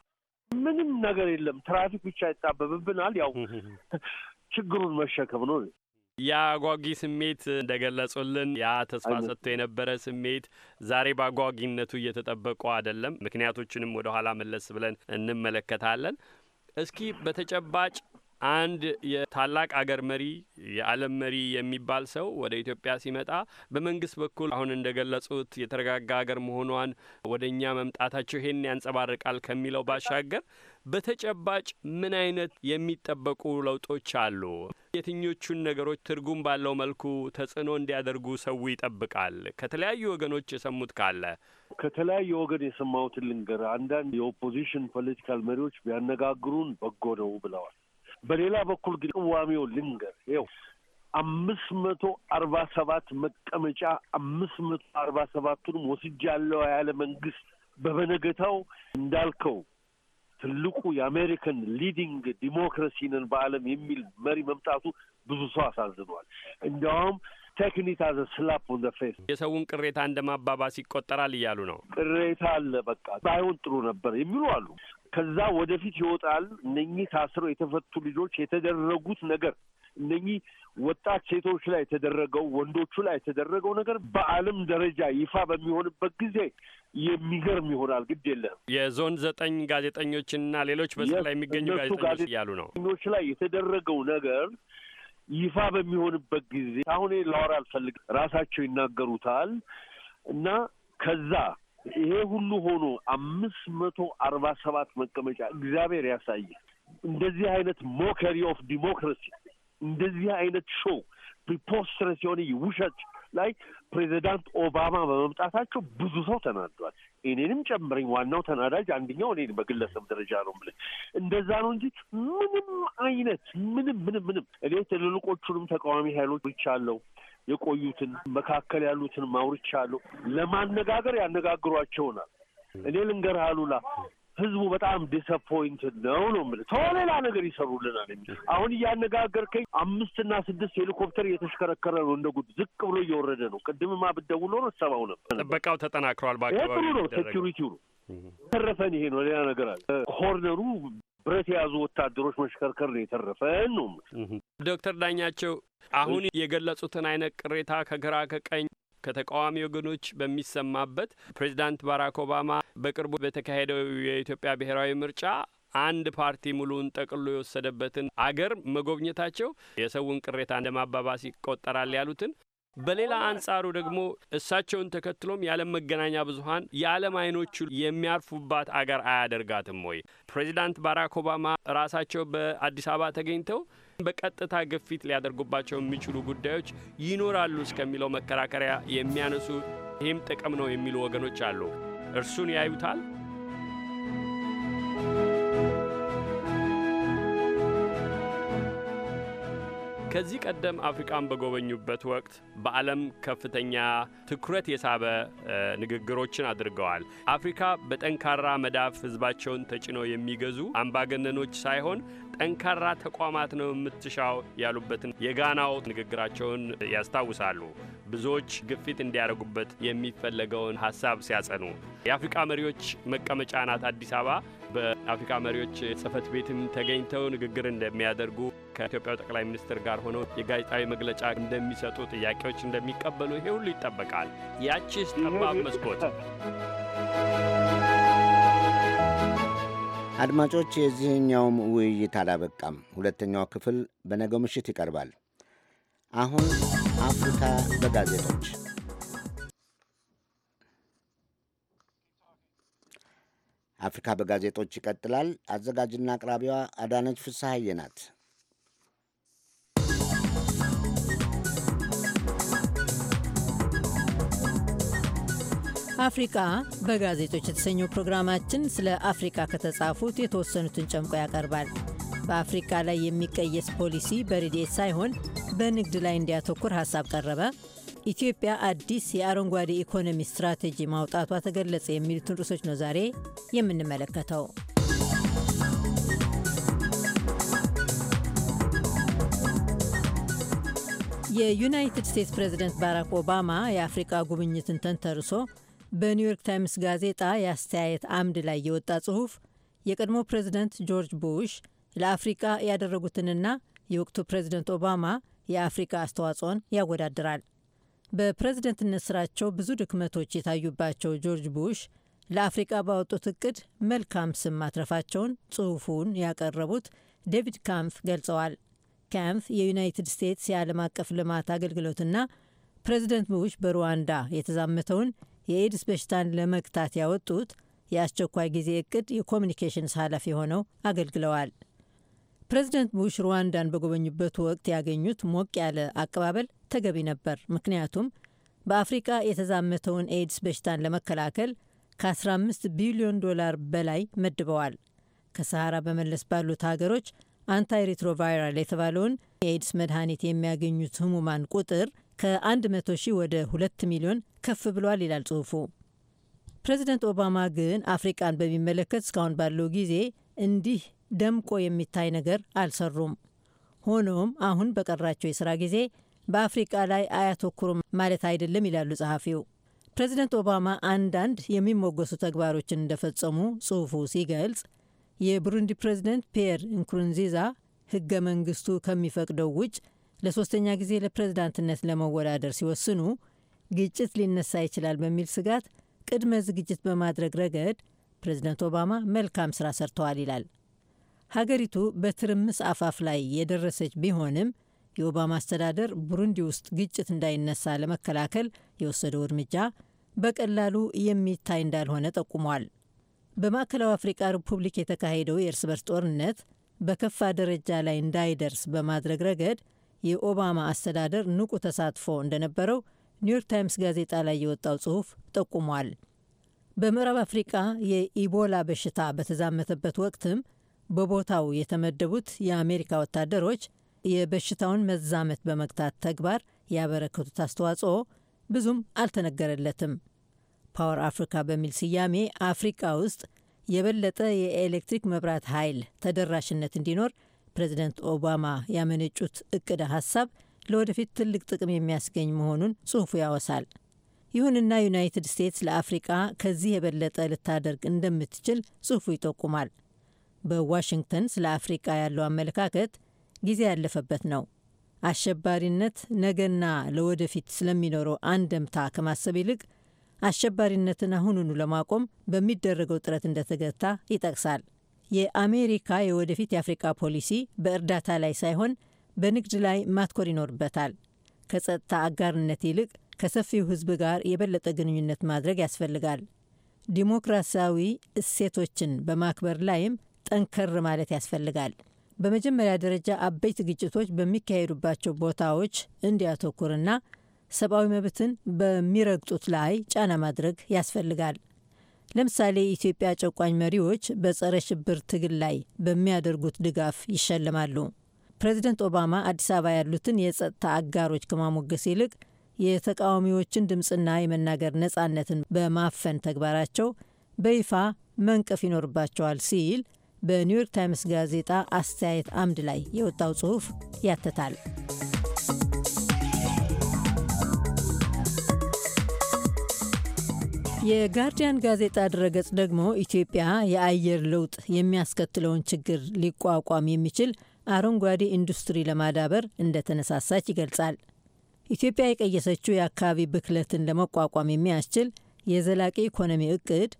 ምንም ነገር የለም፣ ትራፊክ ብቻ ይጣበብብናል። ያው ችግሩን መሸከም ነው።
ያ አጓጊ ስሜት እንደ ገለጹልን ያ ተስፋ ሰጥቶ የነበረ ስሜት ዛሬ በአጓጊነቱ እየተጠበቁ አይደለም። ምክንያቶችንም ወደ ኋላ መለስ ብለን እንመለከታለን። እስኪ በተጨባጭ አንድ የታላቅ አገር መሪ የዓለም መሪ የሚባል ሰው ወደ ኢትዮጵያ ሲመጣ በመንግስት በኩል አሁን እንደ ገለጹት የተረጋጋ አገር መሆኗን ወደ እኛ መምጣታቸው ይሄን ያንጸባርቃል ከሚለው ባሻገር በተጨባጭ ምን አይነት የሚጠበቁ ለውጦች አሉ? የትኞቹን ነገሮች ትርጉም ባለው መልኩ ተጽዕኖ እንዲያደርጉ ሰው ይጠብቃል? ከተለያዩ ወገኖች የሰሙት ካለ
ከተለያዩ ወገን የሰማሁትን ልንገር። አንዳንድ የኦፖዚሽን ፖለቲካል መሪዎች ቢያነጋግሩን በጎ ነው ብለዋል። በሌላ በኩል ግን ቅዋሜው ልንገር ይኸው አምስት መቶ አርባ ሰባት መቀመጫ አምስት መቶ አርባ ሰባቱንም ወስጃለሁ ያለ መንግስት በበነገታው እንዳልከው ትልቁ የአሜሪካን ሊዲንግ ዲሞክራሲንን ነን በዓለም የሚል መሪ መምጣቱ ብዙ ሰው አሳዝኗል። እንዲያውም ቴክኒክ አዘ ስላፕ ኦን ፌስ
የሰውን ቅሬታ እንደ ማባባስ ይቆጠራል እያሉ ነው።
ቅሬታ አለ በቃ ባይሆን ጥሩ ነበር የሚሉ
አሉ። ከዛ ወደፊት ይወጣል። እነኚህ
ታስረው የተፈቱ ልጆች የተደረጉት ነገር እነኚህ ወጣት ሴቶች ላይ የተደረገው ወንዶቹ ላይ የተደረገው ነገር በዓለም ደረጃ ይፋ በሚሆንበት ጊዜ የሚገርም ይሆናል። ግድ የለም
የዞን ዘጠኝ ጋዜጠኞችና ሌሎች በዚህ ላይ የሚገኙ ጋዜጠኞች እያሉ ነው
ኞች ላይ የተደረገው ነገር ይፋ በሚሆንበት ጊዜ አሁን ላወራ አልፈልግ ራሳቸው ይናገሩታል እና ከዛ ይሄ ሁሉ ሆኖ አምስት መቶ አርባ ሰባት መቀመጫ እግዚአብሔር ያሳያል። እንደዚህ አይነት ሞከሪ ኦፍ ዲሞክራሲ እንደዚህ አይነት ሾው ፕሪፖስትረስ የሆነ ውሸት ላይ ፕሬዚዳንት ኦባማ በመምጣታቸው ብዙ ሰው ተናዷል። እኔንም ጨምረኝ። ዋናው ተናዳጅ አንደኛው እኔ በግለሰብ ደረጃ ነው ብለ እንደዛ ነው እንጂ ምንም አይነት ምንም ምንም ምንም እኔ ትልልቆቹንም ተቃዋሚ ኃይሎች ብቻ አለው የቆዩትን መካከል ያሉትን አውርቻለሁ። ለማነጋገር ያነጋግሯቸውናል። እኔ ልንገርህ አሉላ ህዝቡ በጣም ዲስአፖይንት ነው ነው የምልህ። ተወው ሌላ ነገር ይሰሩልናል የሚል አሁን እያነጋገርከኝ አምስትና ስድስት ሄሊኮፕተር እየተሽከረከረ ነው እንደ ጉድ ዝቅ ብሎ እየወረደ ነው። ቅድምማ ብትደውል ኖሮ ሰማው ነበር።
ጥበቃው ተጠናክሯል። ይሄ ጥሩ ነው። ሴኪሪቲው ነው
ተረፈን። ይሄ ነው ሌላ ነገር አለ ኮርነሩ ብረት የያዙ ወታደሮች መሽከርከር ነው የተረፈን ነው።
ዶክተር ዳኛቸው አሁን የገለጹትን አይነት ቅሬታ ከግራ ከቀኝ ከተቃዋሚ ወገኖች በሚሰማበት ፕሬዚዳንት ባራክ ኦባማ በቅርቡ በተካሄደው የኢትዮጵያ ብሔራዊ ምርጫ አንድ ፓርቲ ሙሉውን ጠቅሎ የወሰደበትን አገር መጎብኘታቸው የሰውን ቅሬታ እንደማባባስ ይቆጠራል ያሉትን በሌላ አንጻሩ ደግሞ እሳቸውን ተከትሎም የዓለም መገናኛ ብዙኃን የዓለም አይኖቹ የሚያርፉባት አገር አያደርጋትም ወይ? ፕሬዚዳንት ባራክ ኦባማ ራሳቸው በአዲስ አበባ ተገኝተው በቀጥታ ግፊት ሊያደርጉባቸው የሚችሉ ጉዳዮች ይኖራሉ እስከሚለው መከራከሪያ የሚያነሱ ይህም ጥቅም ነው የሚሉ ወገኖች አሉ። እርሱን ያዩታል። ከዚህ ቀደም አፍሪካን በጎበኙበት ወቅት በዓለም ከፍተኛ ትኩረት የሳበ ንግግሮችን አድርገዋል። አፍሪካ በጠንካራ መዳፍ ሕዝባቸውን ተጭነው የሚገዙ አምባገነኖች ሳይሆን ጠንካራ ተቋማት ነው የምትሻው ያሉበትን የጋናው ንግግራቸውን ያስታውሳሉ። ብዙዎች ግፊት እንዲያደርጉበት የሚፈለገውን ሀሳብ ሲያጸኑ የአፍሪቃ መሪዎች መቀመጫ ናት አዲስ አበባ። በአፍሪካ መሪዎች ጽህፈት ቤትም ተገኝተው ንግግር እንደሚያደርጉ ከኢትዮጵያው ጠቅላይ ሚኒስትር ጋር ሆነው የጋዜጣዊ መግለጫ እንደሚሰጡ፣ ጥያቄዎች እንደሚቀበሉ ይሄ ሁሉ ይጠበቃል። ያቺስ ጠባብ መስኮት
አድማጮች፣ የዚህኛውም ውይይት አላበቃም። ሁለተኛው ክፍል በነገው ምሽት ይቀርባል። አሁን አፍሪካ በጋዜጦች አፍሪካ በጋዜጦች ይቀጥላል። አዘጋጅና አቅራቢዋ አዳነች ፍስሐዬ ናት።
አፍሪቃ በጋዜጦች የተሰኘው ፕሮግራማችን ስለ አፍሪካ ከተጻፉት የተወሰኑትን ጨምቆ ያቀርባል። በአፍሪካ ላይ የሚቀየስ ፖሊሲ በረድኤት ሳይሆን በንግድ ላይ እንዲያተኩር ሀሳብ ቀረበ፣ ኢትዮጵያ አዲስ የአረንጓዴ ኢኮኖሚ ስትራቴጂ ማውጣቷ ተገለጸ፣ የሚሉትን ርዕሶች ነው ዛሬ የምንመለከተው። የዩናይትድ ስቴትስ ፕሬዝደንት ባራክ ኦባማ የአፍሪቃ ጉብኝትን ተንተርሶ በኒውዮርክ ታይምስ ጋዜጣ የአስተያየት አምድ ላይ የወጣ ጽሑፍ የቀድሞ ፕሬዝደንት ጆርጅ ቡሽ ለአፍሪቃ ያደረጉትንና የወቅቱ ፕሬዝደንት ኦባማ የአፍሪካ አስተዋጽኦን ያወዳድራል። በፕሬዝደንትነት ስራቸው ብዙ ድክመቶች የታዩባቸው ጆርጅ ቡሽ ለአፍሪቃ ባወጡት እቅድ መልካም ስም ማትረፋቸውን ጽሑፉን ያቀረቡት ዴቪድ ካምፍ ገልጸዋል። ካምፍ የዩናይትድ ስቴትስ የዓለም አቀፍ ልማት አገልግሎትና ፕሬዝደንት ቡሽ በሩዋንዳ የተዛመተውን የኤድስ በሽታን ለመግታት ያወጡት የአስቸኳይ ጊዜ እቅድ የኮሚኒኬሽንስ ኃላፊ ሆነው አገልግለዋል። ፕሬዚደንት ቡሽ ሩዋንዳን በጎበኙበት ወቅት ያገኙት ሞቅ ያለ አቀባበል ተገቢ ነበር። ምክንያቱም በአፍሪቃ የተዛመተውን ኤድስ በሽታን ለመከላከል ከ15 ቢሊዮን ዶላር በላይ መድበዋል። ከሰሃራ በመለስ ባሉት ሀገሮች አንታይሪትሮቫይራል የተባለውን የኤድስ መድኃኒት የሚያገኙት ህሙማን ቁጥር ከ100 ሺህ ወደ 2 ሚሊዮን ከፍ ብሏል ይላል ጽሑፉ። ፕሬዚደንት ኦባማ ግን አፍሪቃን በሚመለከት እስካሁን ባለው ጊዜ እንዲህ ደምቆ የሚታይ ነገር አልሰሩም። ሆኖም አሁን በቀራቸው የስራ ጊዜ በአፍሪቃ ላይ አያተኩሩም ማለት አይደለም ይላሉ ጸሐፊው። ፕሬዚደንት ኦባማ አንዳንድ የሚሞገሱ ተግባሮችን እንደፈጸሙ ጽሑፉ ሲገልጽ የቡሩንዲ ፕሬዚደንት ፒየር እንኩሩንዚዛ ህገ መንግስቱ ከሚፈቅደው ውጭ ለሶስተኛ ጊዜ ለፕሬዝዳንትነት ለመወዳደር ሲወስኑ ግጭት ሊነሳ ይችላል በሚል ስጋት ቅድመ ዝግጅት በማድረግ ረገድ ፕሬዝደንት ኦባማ መልካም ስራ ሰርተዋል ይላል። ሀገሪቱ በትርምስ አፋፍ ላይ የደረሰች ቢሆንም የኦባማ አስተዳደር ቡሩንዲ ውስጥ ግጭት እንዳይነሳ ለመከላከል የወሰደው እርምጃ በቀላሉ የሚታይ እንዳልሆነ ጠቁሟል። በማዕከላዊ አፍሪቃ ሪፑብሊክ የተካሄደው የእርስ በርስ ጦርነት በከፋ ደረጃ ላይ እንዳይደርስ በማድረግ ረገድ የኦባማ አስተዳደር ንቁ ተሳትፎ እንደነበረው ኒውዮርክ ታይምስ ጋዜጣ ላይ የወጣው ጽሑፍ ጠቁሟል። በምዕራብ አፍሪቃ የኢቦላ በሽታ በተዛመተበት ወቅትም በቦታው የተመደቡት የአሜሪካ ወታደሮች የበሽታውን መዛመት በመግታት ተግባር ያበረከቱት አስተዋጽኦ ብዙም አልተነገረለትም። ፓወር አፍሪካ በሚል ስያሜ አፍሪቃ ውስጥ የበለጠ የኤሌክትሪክ መብራት ኃይል ተደራሽነት እንዲኖር ፕሬዚደንት ኦባማ ያመነጩት እቅደ ሀሳብ ለወደፊት ትልቅ ጥቅም የሚያስገኝ መሆኑን ጽሑፉ ያወሳል። ይሁንና ዩናይትድ ስቴትስ ለአፍሪቃ ከዚህ የበለጠ ልታደርግ እንደምትችል ጽሑፉ ይጠቁማል። በዋሽንግተን ስለ አፍሪቃ ያለው አመለካከት ጊዜ ያለፈበት ነው። አሸባሪነት ነገና ለወደፊት ስለሚኖረው አንደምታ ከማሰብ ይልቅ አሸባሪነትን አሁኑኑ ለማቆም በሚደረገው ጥረት እንደተገታ ይጠቅሳል። የአሜሪካ የወደፊት የአፍሪቃ ፖሊሲ በእርዳታ ላይ ሳይሆን በንግድ ላይ ማትኮር ይኖርበታል። ከጸጥታ አጋርነት ይልቅ ከሰፊው ሕዝብ ጋር የበለጠ ግንኙነት ማድረግ ያስፈልጋል። ዲሞክራሲያዊ እሴቶችን በማክበር ላይም ጠንከር ማለት ያስፈልጋል። በመጀመሪያ ደረጃ አበይት ግጭቶች በሚካሄዱባቸው ቦታዎች እንዲያተኩርና ሰብአዊ መብትን በሚረግጡት ላይ ጫና ማድረግ ያስፈልጋል። ለምሳሌ የኢትዮጵያ ጨቋኝ መሪዎች በጸረ ሽብር ትግል ላይ በሚያደርጉት ድጋፍ ይሸልማሉ። ፕሬዚደንት ኦባማ አዲስ አበባ ያሉትን የጸጥታ አጋሮች ከማሞገስ ይልቅ የተቃዋሚዎችን ድምፅና የመናገር ነጻነትን በማፈን ተግባራቸው በይፋ መንቀፍ ይኖርባቸዋል ሲል በኒውዮርክ ታይምስ ጋዜጣ አስተያየት አምድ ላይ የወጣው ጽሑፍ ያተታል። የጋርዲያን ጋዜጣ ድረገጽ ደግሞ ኢትዮጵያ የአየር ለውጥ የሚያስከትለውን ችግር ሊቋቋም የሚችል አረንጓዴ ኢንዱስትሪ ለማዳበር እንደተነሳሳች ይገልጻል። ኢትዮጵያ የቀየሰችው የአካባቢ ብክለትን ለመቋቋም የሚያስችል የዘላቂ ኢኮኖሚ እቅድ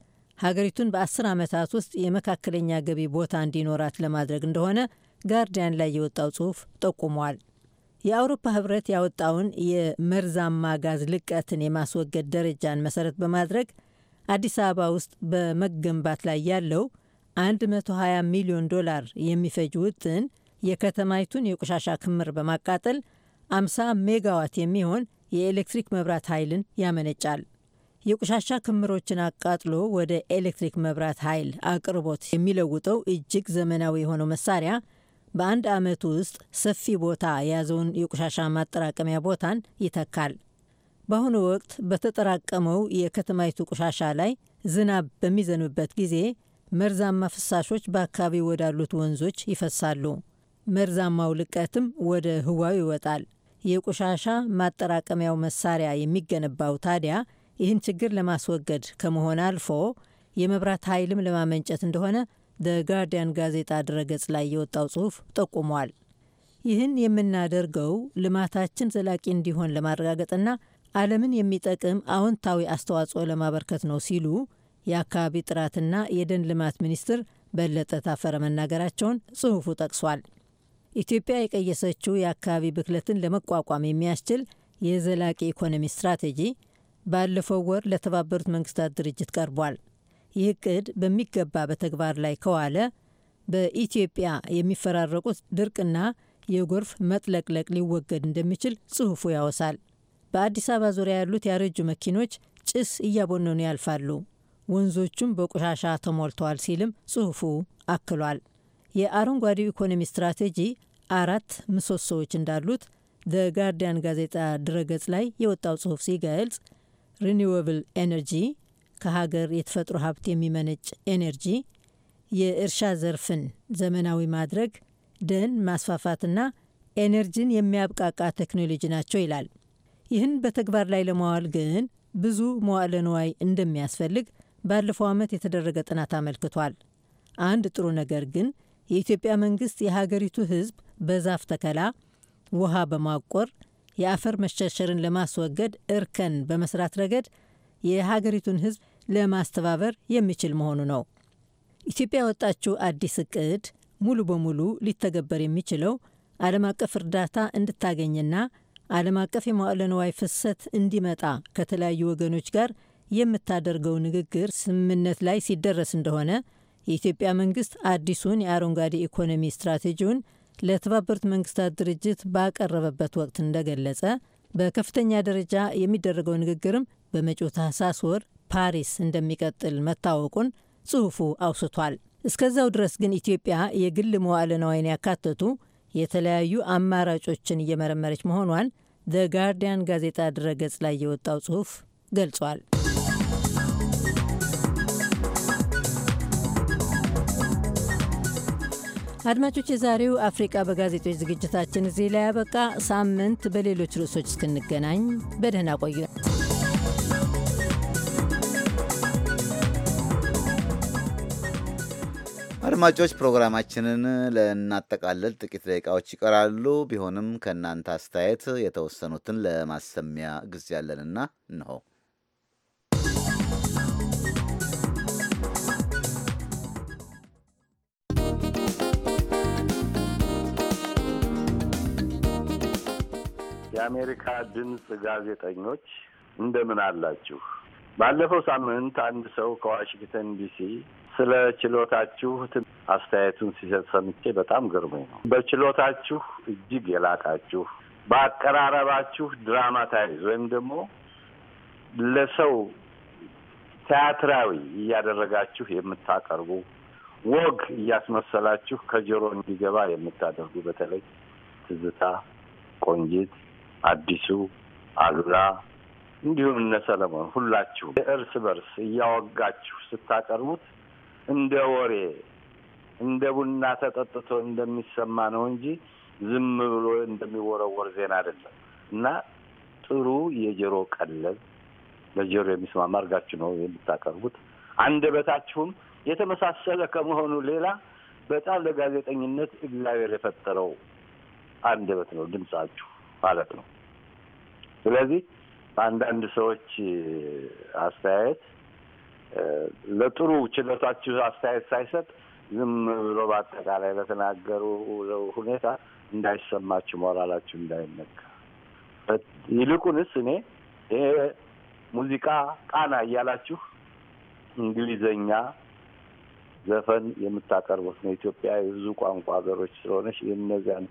ሀገሪቱን በአስር ዓመታት ውስጥ የመካከለኛ ገቢ ቦታ እንዲኖራት ለማድረግ እንደሆነ ጋርዲያን ላይ የወጣው ጽሑፍ ጠቁሟል። የአውሮፓ ህብረት ያወጣውን የመርዛማ ጋዝ ልቀትን የማስወገድ ደረጃን መሰረት በማድረግ አዲስ አበባ ውስጥ በመገንባት ላይ ያለው 120 ሚሊዮን ዶላር የሚፈጅ ውጥን የከተማይቱን የቆሻሻ ክምር በማቃጠል 50 ሜጋዋት የሚሆን የኤሌክትሪክ መብራት ኃይልን ያመነጫል። የቆሻሻ ክምሮችን አቃጥሎ ወደ ኤሌክትሪክ መብራት ኃይል አቅርቦት የሚለውጠው እጅግ ዘመናዊ የሆነው መሳሪያ በአንድ ዓመት ውስጥ ሰፊ ቦታ የያዘውን የቆሻሻ ማጠራቀሚያ ቦታን ይተካል። በአሁኑ ወቅት በተጠራቀመው የከተማይቱ ቆሻሻ ላይ ዝናብ በሚዘንብበት ጊዜ መርዛማ ፍሳሾች በአካባቢ ወዳሉት ወንዞች ይፈሳሉ። መርዛማው ልቀትም ወደ ህዋው ይወጣል። የቆሻሻ ማጠራቀሚያው መሳሪያ የሚገነባው ታዲያ ይህን ችግር ለማስወገድ ከመሆን አልፎ የመብራት ኃይልም ለማመንጨት እንደሆነ በጋርዲያን ጋዜጣ ድረገጽ ላይ የወጣው ጽሑፍ ጠቁሟል። ይህን የምናደርገው ልማታችን ዘላቂ እንዲሆን ለማረጋገጥና ዓለምን የሚጠቅም አዎንታዊ አስተዋጽኦ ለማበርከት ነው ሲሉ የአካባቢ ጥራትና የደን ልማት ሚኒስትር በለጠ ታፈረ መናገራቸውን ጽሑፉ ጠቅሷል። ኢትዮጵያ የቀየሰችው የአካባቢ ብክለትን ለመቋቋም የሚያስችል የዘላቂ ኢኮኖሚ ስትራቴጂ ባለፈው ወር ለተባበሩት መንግስታት ድርጅት ቀርቧል። ይህ እቅድ በሚገባ በተግባር ላይ ከዋለ በኢትዮጵያ የሚፈራረቁት ድርቅና የጎርፍ መጥለቅለቅ ሊወገድ እንደሚችል ጽሑፉ ያወሳል። በአዲስ አበባ ዙሪያ ያሉት ያረጁ መኪኖች ጭስ እያቦነኑ ያልፋሉ፣ ወንዞቹም በቆሻሻ ተሞልተዋል ሲልም ጽሑፉ አክሏል። የአረንጓዴው ኢኮኖሚ ስትራቴጂ አራት ምሰሶዎች እንዳሉት ደ ጋርዲያን ጋዜጣ ድረገጽ ላይ የወጣው ጽሑፍ ሲገልጽ ሪኒዌብል ኤነርጂ ከሀገር የተፈጥሮ ሀብት የሚመነጭ ኤነርጂ፣ የእርሻ ዘርፍን ዘመናዊ ማድረግ፣ ደን ማስፋፋትና ኤነርጂን የሚያብቃቃ ቴክኖሎጂ ናቸው ይላል። ይህን በተግባር ላይ ለማዋል ግን ብዙ መዋዕለ ንዋይ እንደሚያስፈልግ ባለፈው ዓመት የተደረገ ጥናት አመልክቷል። አንድ ጥሩ ነገር ግን የኢትዮጵያ መንግስት የሀገሪቱ ሕዝብ በዛፍ ተከላ፣ ውሃ በማቆር የአፈር መሸርሸርን ለማስወገድ እርከን በመስራት ረገድ የሀገሪቱን ሕዝብ ለማስተባበር የሚችል መሆኑ ነው። ኢትዮጵያ ያወጣችው አዲስ እቅድ ሙሉ በሙሉ ሊተገበር የሚችለው ዓለም አቀፍ እርዳታ እንድታገኝና ዓለም አቀፍ የመዋዕለ ንዋይ ፍሰት እንዲመጣ ከተለያዩ ወገኖች ጋር የምታደርገው ንግግር ስምምነት ላይ ሲደረስ እንደሆነ የኢትዮጵያ መንግስት አዲሱን የአረንጓዴ ኢኮኖሚ ስትራቴጂውን ለተባበሩት መንግስታት ድርጅት ባቀረበበት ወቅት እንደገለጸ በከፍተኛ ደረጃ የሚደረገው ንግግርም በመጪው ታህሳስ ወር ፓሪስ እንደሚቀጥል መታወቁን ጽሑፉ አውስቷል። እስከዛው ድረስ ግን ኢትዮጵያ የግል መዋዕለ ነዋይን ያካተቱ የተለያዩ አማራጮችን እየመረመረች መሆኗን ዘ ጋርዲያን ጋዜጣ ድረገጽ ላይ የወጣው ጽሑፍ ገልጿል። አድማጮች፣ የዛሬው አፍሪቃ በጋዜጦች ዝግጅታችን እዚህ ላይ ያበቃ። ሳምንት በሌሎች ርዕሶች እስክንገናኝ በደህና ቆዩ።
አድማጮች ፕሮግራማችንን ለናጠቃለል ጥቂት ደቂቃዎች ይቀራሉ። ቢሆንም ከእናንተ አስተያየት የተወሰኑትን ለማሰሚያ ጊዜ ያለንና ነው።
የአሜሪካ ድምፅ ጋዜጠኞች እንደምን አላችሁ? ባለፈው ሳምንት አንድ ሰው ከዋሽንግተን ዲሲ ስለ ችሎታችሁ አስተያየቱን ሲሰጥ ሰምቼ በጣም ገርሞኝ ነው። በችሎታችሁ እጅግ የላቃችሁ፣ በአቀራረባችሁ ድራማታይዝ ወይም ደግሞ ለሰው ቲያትራዊ እያደረጋችሁ የምታቀርቡ ወግ እያስመሰላችሁ ከጆሮ እንዲገባ የምታደርጉ በተለይ ትዝታ፣ ቆንጂት፣ አዲሱ፣ አሉላ እንዲሁም እነ ሰለሞን ሁላችሁም እርስ በርስ እያወጋችሁ ስታቀርቡት እንደ ወሬ እንደ ቡና ተጠጥቶ እንደሚሰማ ነው እንጂ ዝም ብሎ እንደሚወረወር ዜና አይደለም። እና ጥሩ የጆሮ ቀለብ ለጆሮ የሚስማማ አድርጋችሁ ነው የምታቀርቡት። አንደበታችሁም የተመሳሰለ ከመሆኑ ሌላ በጣም ለጋዜጠኝነት እግዚአብሔር የፈጠረው አንደበት ነው ድምጻችሁ ማለት ነው። ስለዚህ በአንዳንድ ሰዎች አስተያየት ለጥሩ ችሎታችሁ አስተያየት ሳይሰጥ ዝም ብሎ በአጠቃላይ በተናገሩ ሁኔታ እንዳይሰማችሁ ሞራላችሁ እንዳይነካ፣ ይልቁንስ እኔ ይሄ ሙዚቃ ቃና እያላችሁ እንግሊዘኛ ዘፈን የምታቀርቡት ነው። ኢትዮጵያ የብዙ ቋንቋ ሀገሮች ስለሆነች የእነዚያን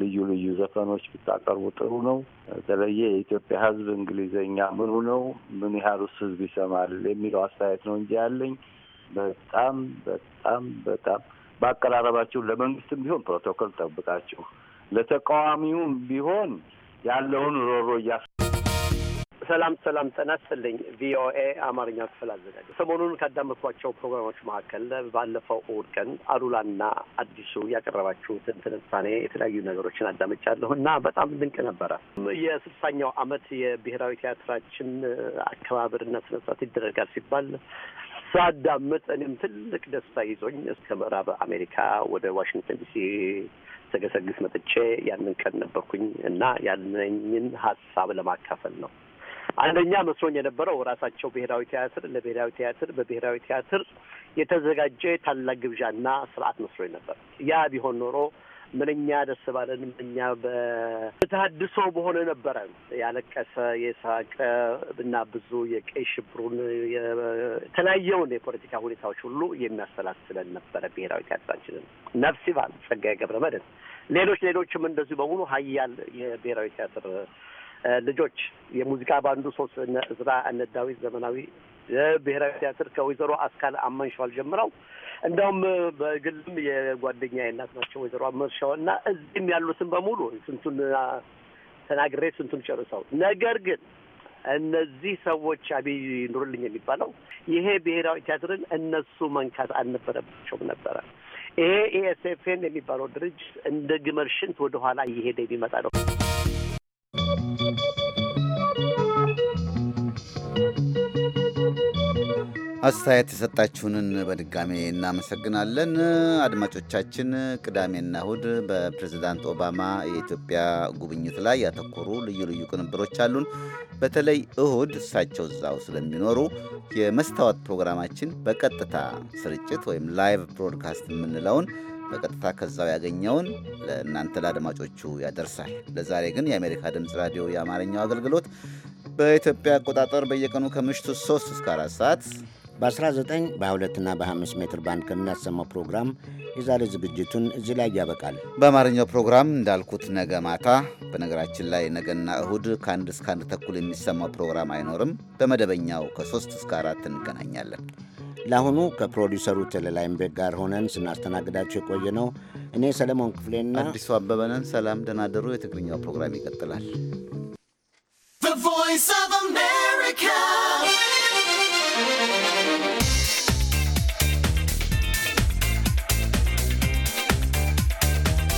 ልዩ ልዩ ዘፈኖች ብታቀርቡ ጥሩ ነው። በተለየ የኢትዮጵያ ሕዝብ እንግሊዘኛ ምኑ ነው፣ ምን ያህሉስ ሕዝብ ይሰማል የሚለው አስተያየት ነው እንጂ ያለኝ በጣም በጣም በጣም በአቀራረባችሁ ለመንግስትም ቢሆን ፕሮቶኮል ጠብቃችሁ ለተቃዋሚውም ቢሆን ያለውን ሮሮ እያስ
ሰላም ሰላም፣ ጤና ይስጥልኝ። ቪኦኤ አማርኛ ክፍል አዘጋጅ ሰሞኑን ካዳመጥኳቸው ፕሮግራሞች መካከል ባለፈው እሑድ ቀን አሉላና አዲሱ ያቀረባችሁትን ትንታኔ የተለያዩ ነገሮችን አዳምጫለሁ እና በጣም ድንቅ ነበረ። የስልሳኛው አመት የብሔራዊ ቲያትራችን አከባበርና ስነ ስርዓት ይደረጋል ሲባል ሳዳምጥ እኔም ትልቅ ደስታ ይዞኝ እስከ ምዕራብ አሜሪካ ወደ ዋሽንግተን ዲሲ ተገሰግስ መጥቼ ያንን ቀን ነበርኩኝ እና ያለኝን ሀሳብ ለማካፈል ነው። አንደኛ መስሎኝ የነበረው ራሳቸው ብሔራዊ ቲያትር ለብሔራዊ ቲያትር በብሔራዊ ቲያትር የተዘጋጀ ታላቅ ግብዣና ስርዓት መስሎኝ ነበር። ያ ቢሆን ኖሮ ምንኛ ደስ ባለን፣ ምንኛ በተሀድሶ በሆነ ነበረ። ያለቀሰ የሳቀ እና ብዙ የቀይ ሽብሩን የተለያየውን የፖለቲካ ሁኔታዎች ሁሉ የሚያሰላስለን ነበረ ብሔራዊ ቲያትራችንን። ነፍስ ይማር ጸጋዬ ገብረ መድኅን፣ ሌሎች ሌሎችም እንደዚሁ በሙሉ ሀያል የብሔራዊ ቲያትር ልጆች የሙዚቃ ባንዱ ሶስት እነ እዝራ እነ ዳዊት ዘመናዊ ብሔራዊ ቲያትር ከወይዘሮ አስካል አመንሸዋል ጀምረው እንደውም በግልም የጓደኛ እናት ናቸው ወይዘሮ አመንሸዋ እና እዚህም ያሉትን በሙሉ ስንቱን ተናግሬ ስንቱን ጨርሰው ነገር ግን እነዚህ ሰዎች አብይ ኑርልኝ የሚባለው ይሄ ብሔራዊ ቲያትርን እነሱ መንካት አልነበረባቸውም ነበረ። ይሄ ኤኤስኤፍን የሚባለው ድርጅት እንደ ግመል ሽንት ወደኋላ እየሄደ የሚመጣ ነው።
አስተያየት የሰጣችሁንን በድጋሜ እናመሰግናለን። አድማጮቻችን ቅዳሜና እሁድ በፕሬዚዳንት ኦባማ የኢትዮጵያ ጉብኝት ላይ ያተኮሩ ልዩ ልዩ ቅንብሮች አሉን። በተለይ እሁድ እሳቸው እዛው ስለሚኖሩ የመስታወት ፕሮግራማችን በቀጥታ ስርጭት ወይም ላይቭ ብሮድካስት የምንለውን በቀጥታ ከዛው ያገኘውን ለእናንተ ለአድማጮቹ ያደርሳል። ለዛሬ ግን የአሜሪካ ድምፅ ራዲዮ የአማርኛው አገልግሎት
በኢትዮጵያ አቆጣጠር በየቀኑ ከምሽቱ 3 እስከ 4 ሰዓት በ19 በ2 እና በ5 ሜትር ባንድ ከሚያሰማው ፕሮግራም የዛሬ ዝግጅቱን እዚህ ላይ ያበቃል። በአማርኛው ፕሮግራም እንዳልኩት ነገ ማታ፣ በነገራችን ላይ ነገና እሁድ ከአንድ እስከ አንድ ተኩል የሚሰማው ፕሮግራም አይኖርም። በመደበኛው ከ3 እስከ 4 እንገናኛለን። ለአሁኑ ከፕሮዲውሰሩ ቴሌላይምቤግ ጋር ሆነን ስናስተናግዳቸው የቆየ ነው። እኔ ሰለሞን ክፍሌና አዲሱ አበበነን። ሰላም ደናደሩ። የትግርኛው ፕሮግራም ይቀጥላል።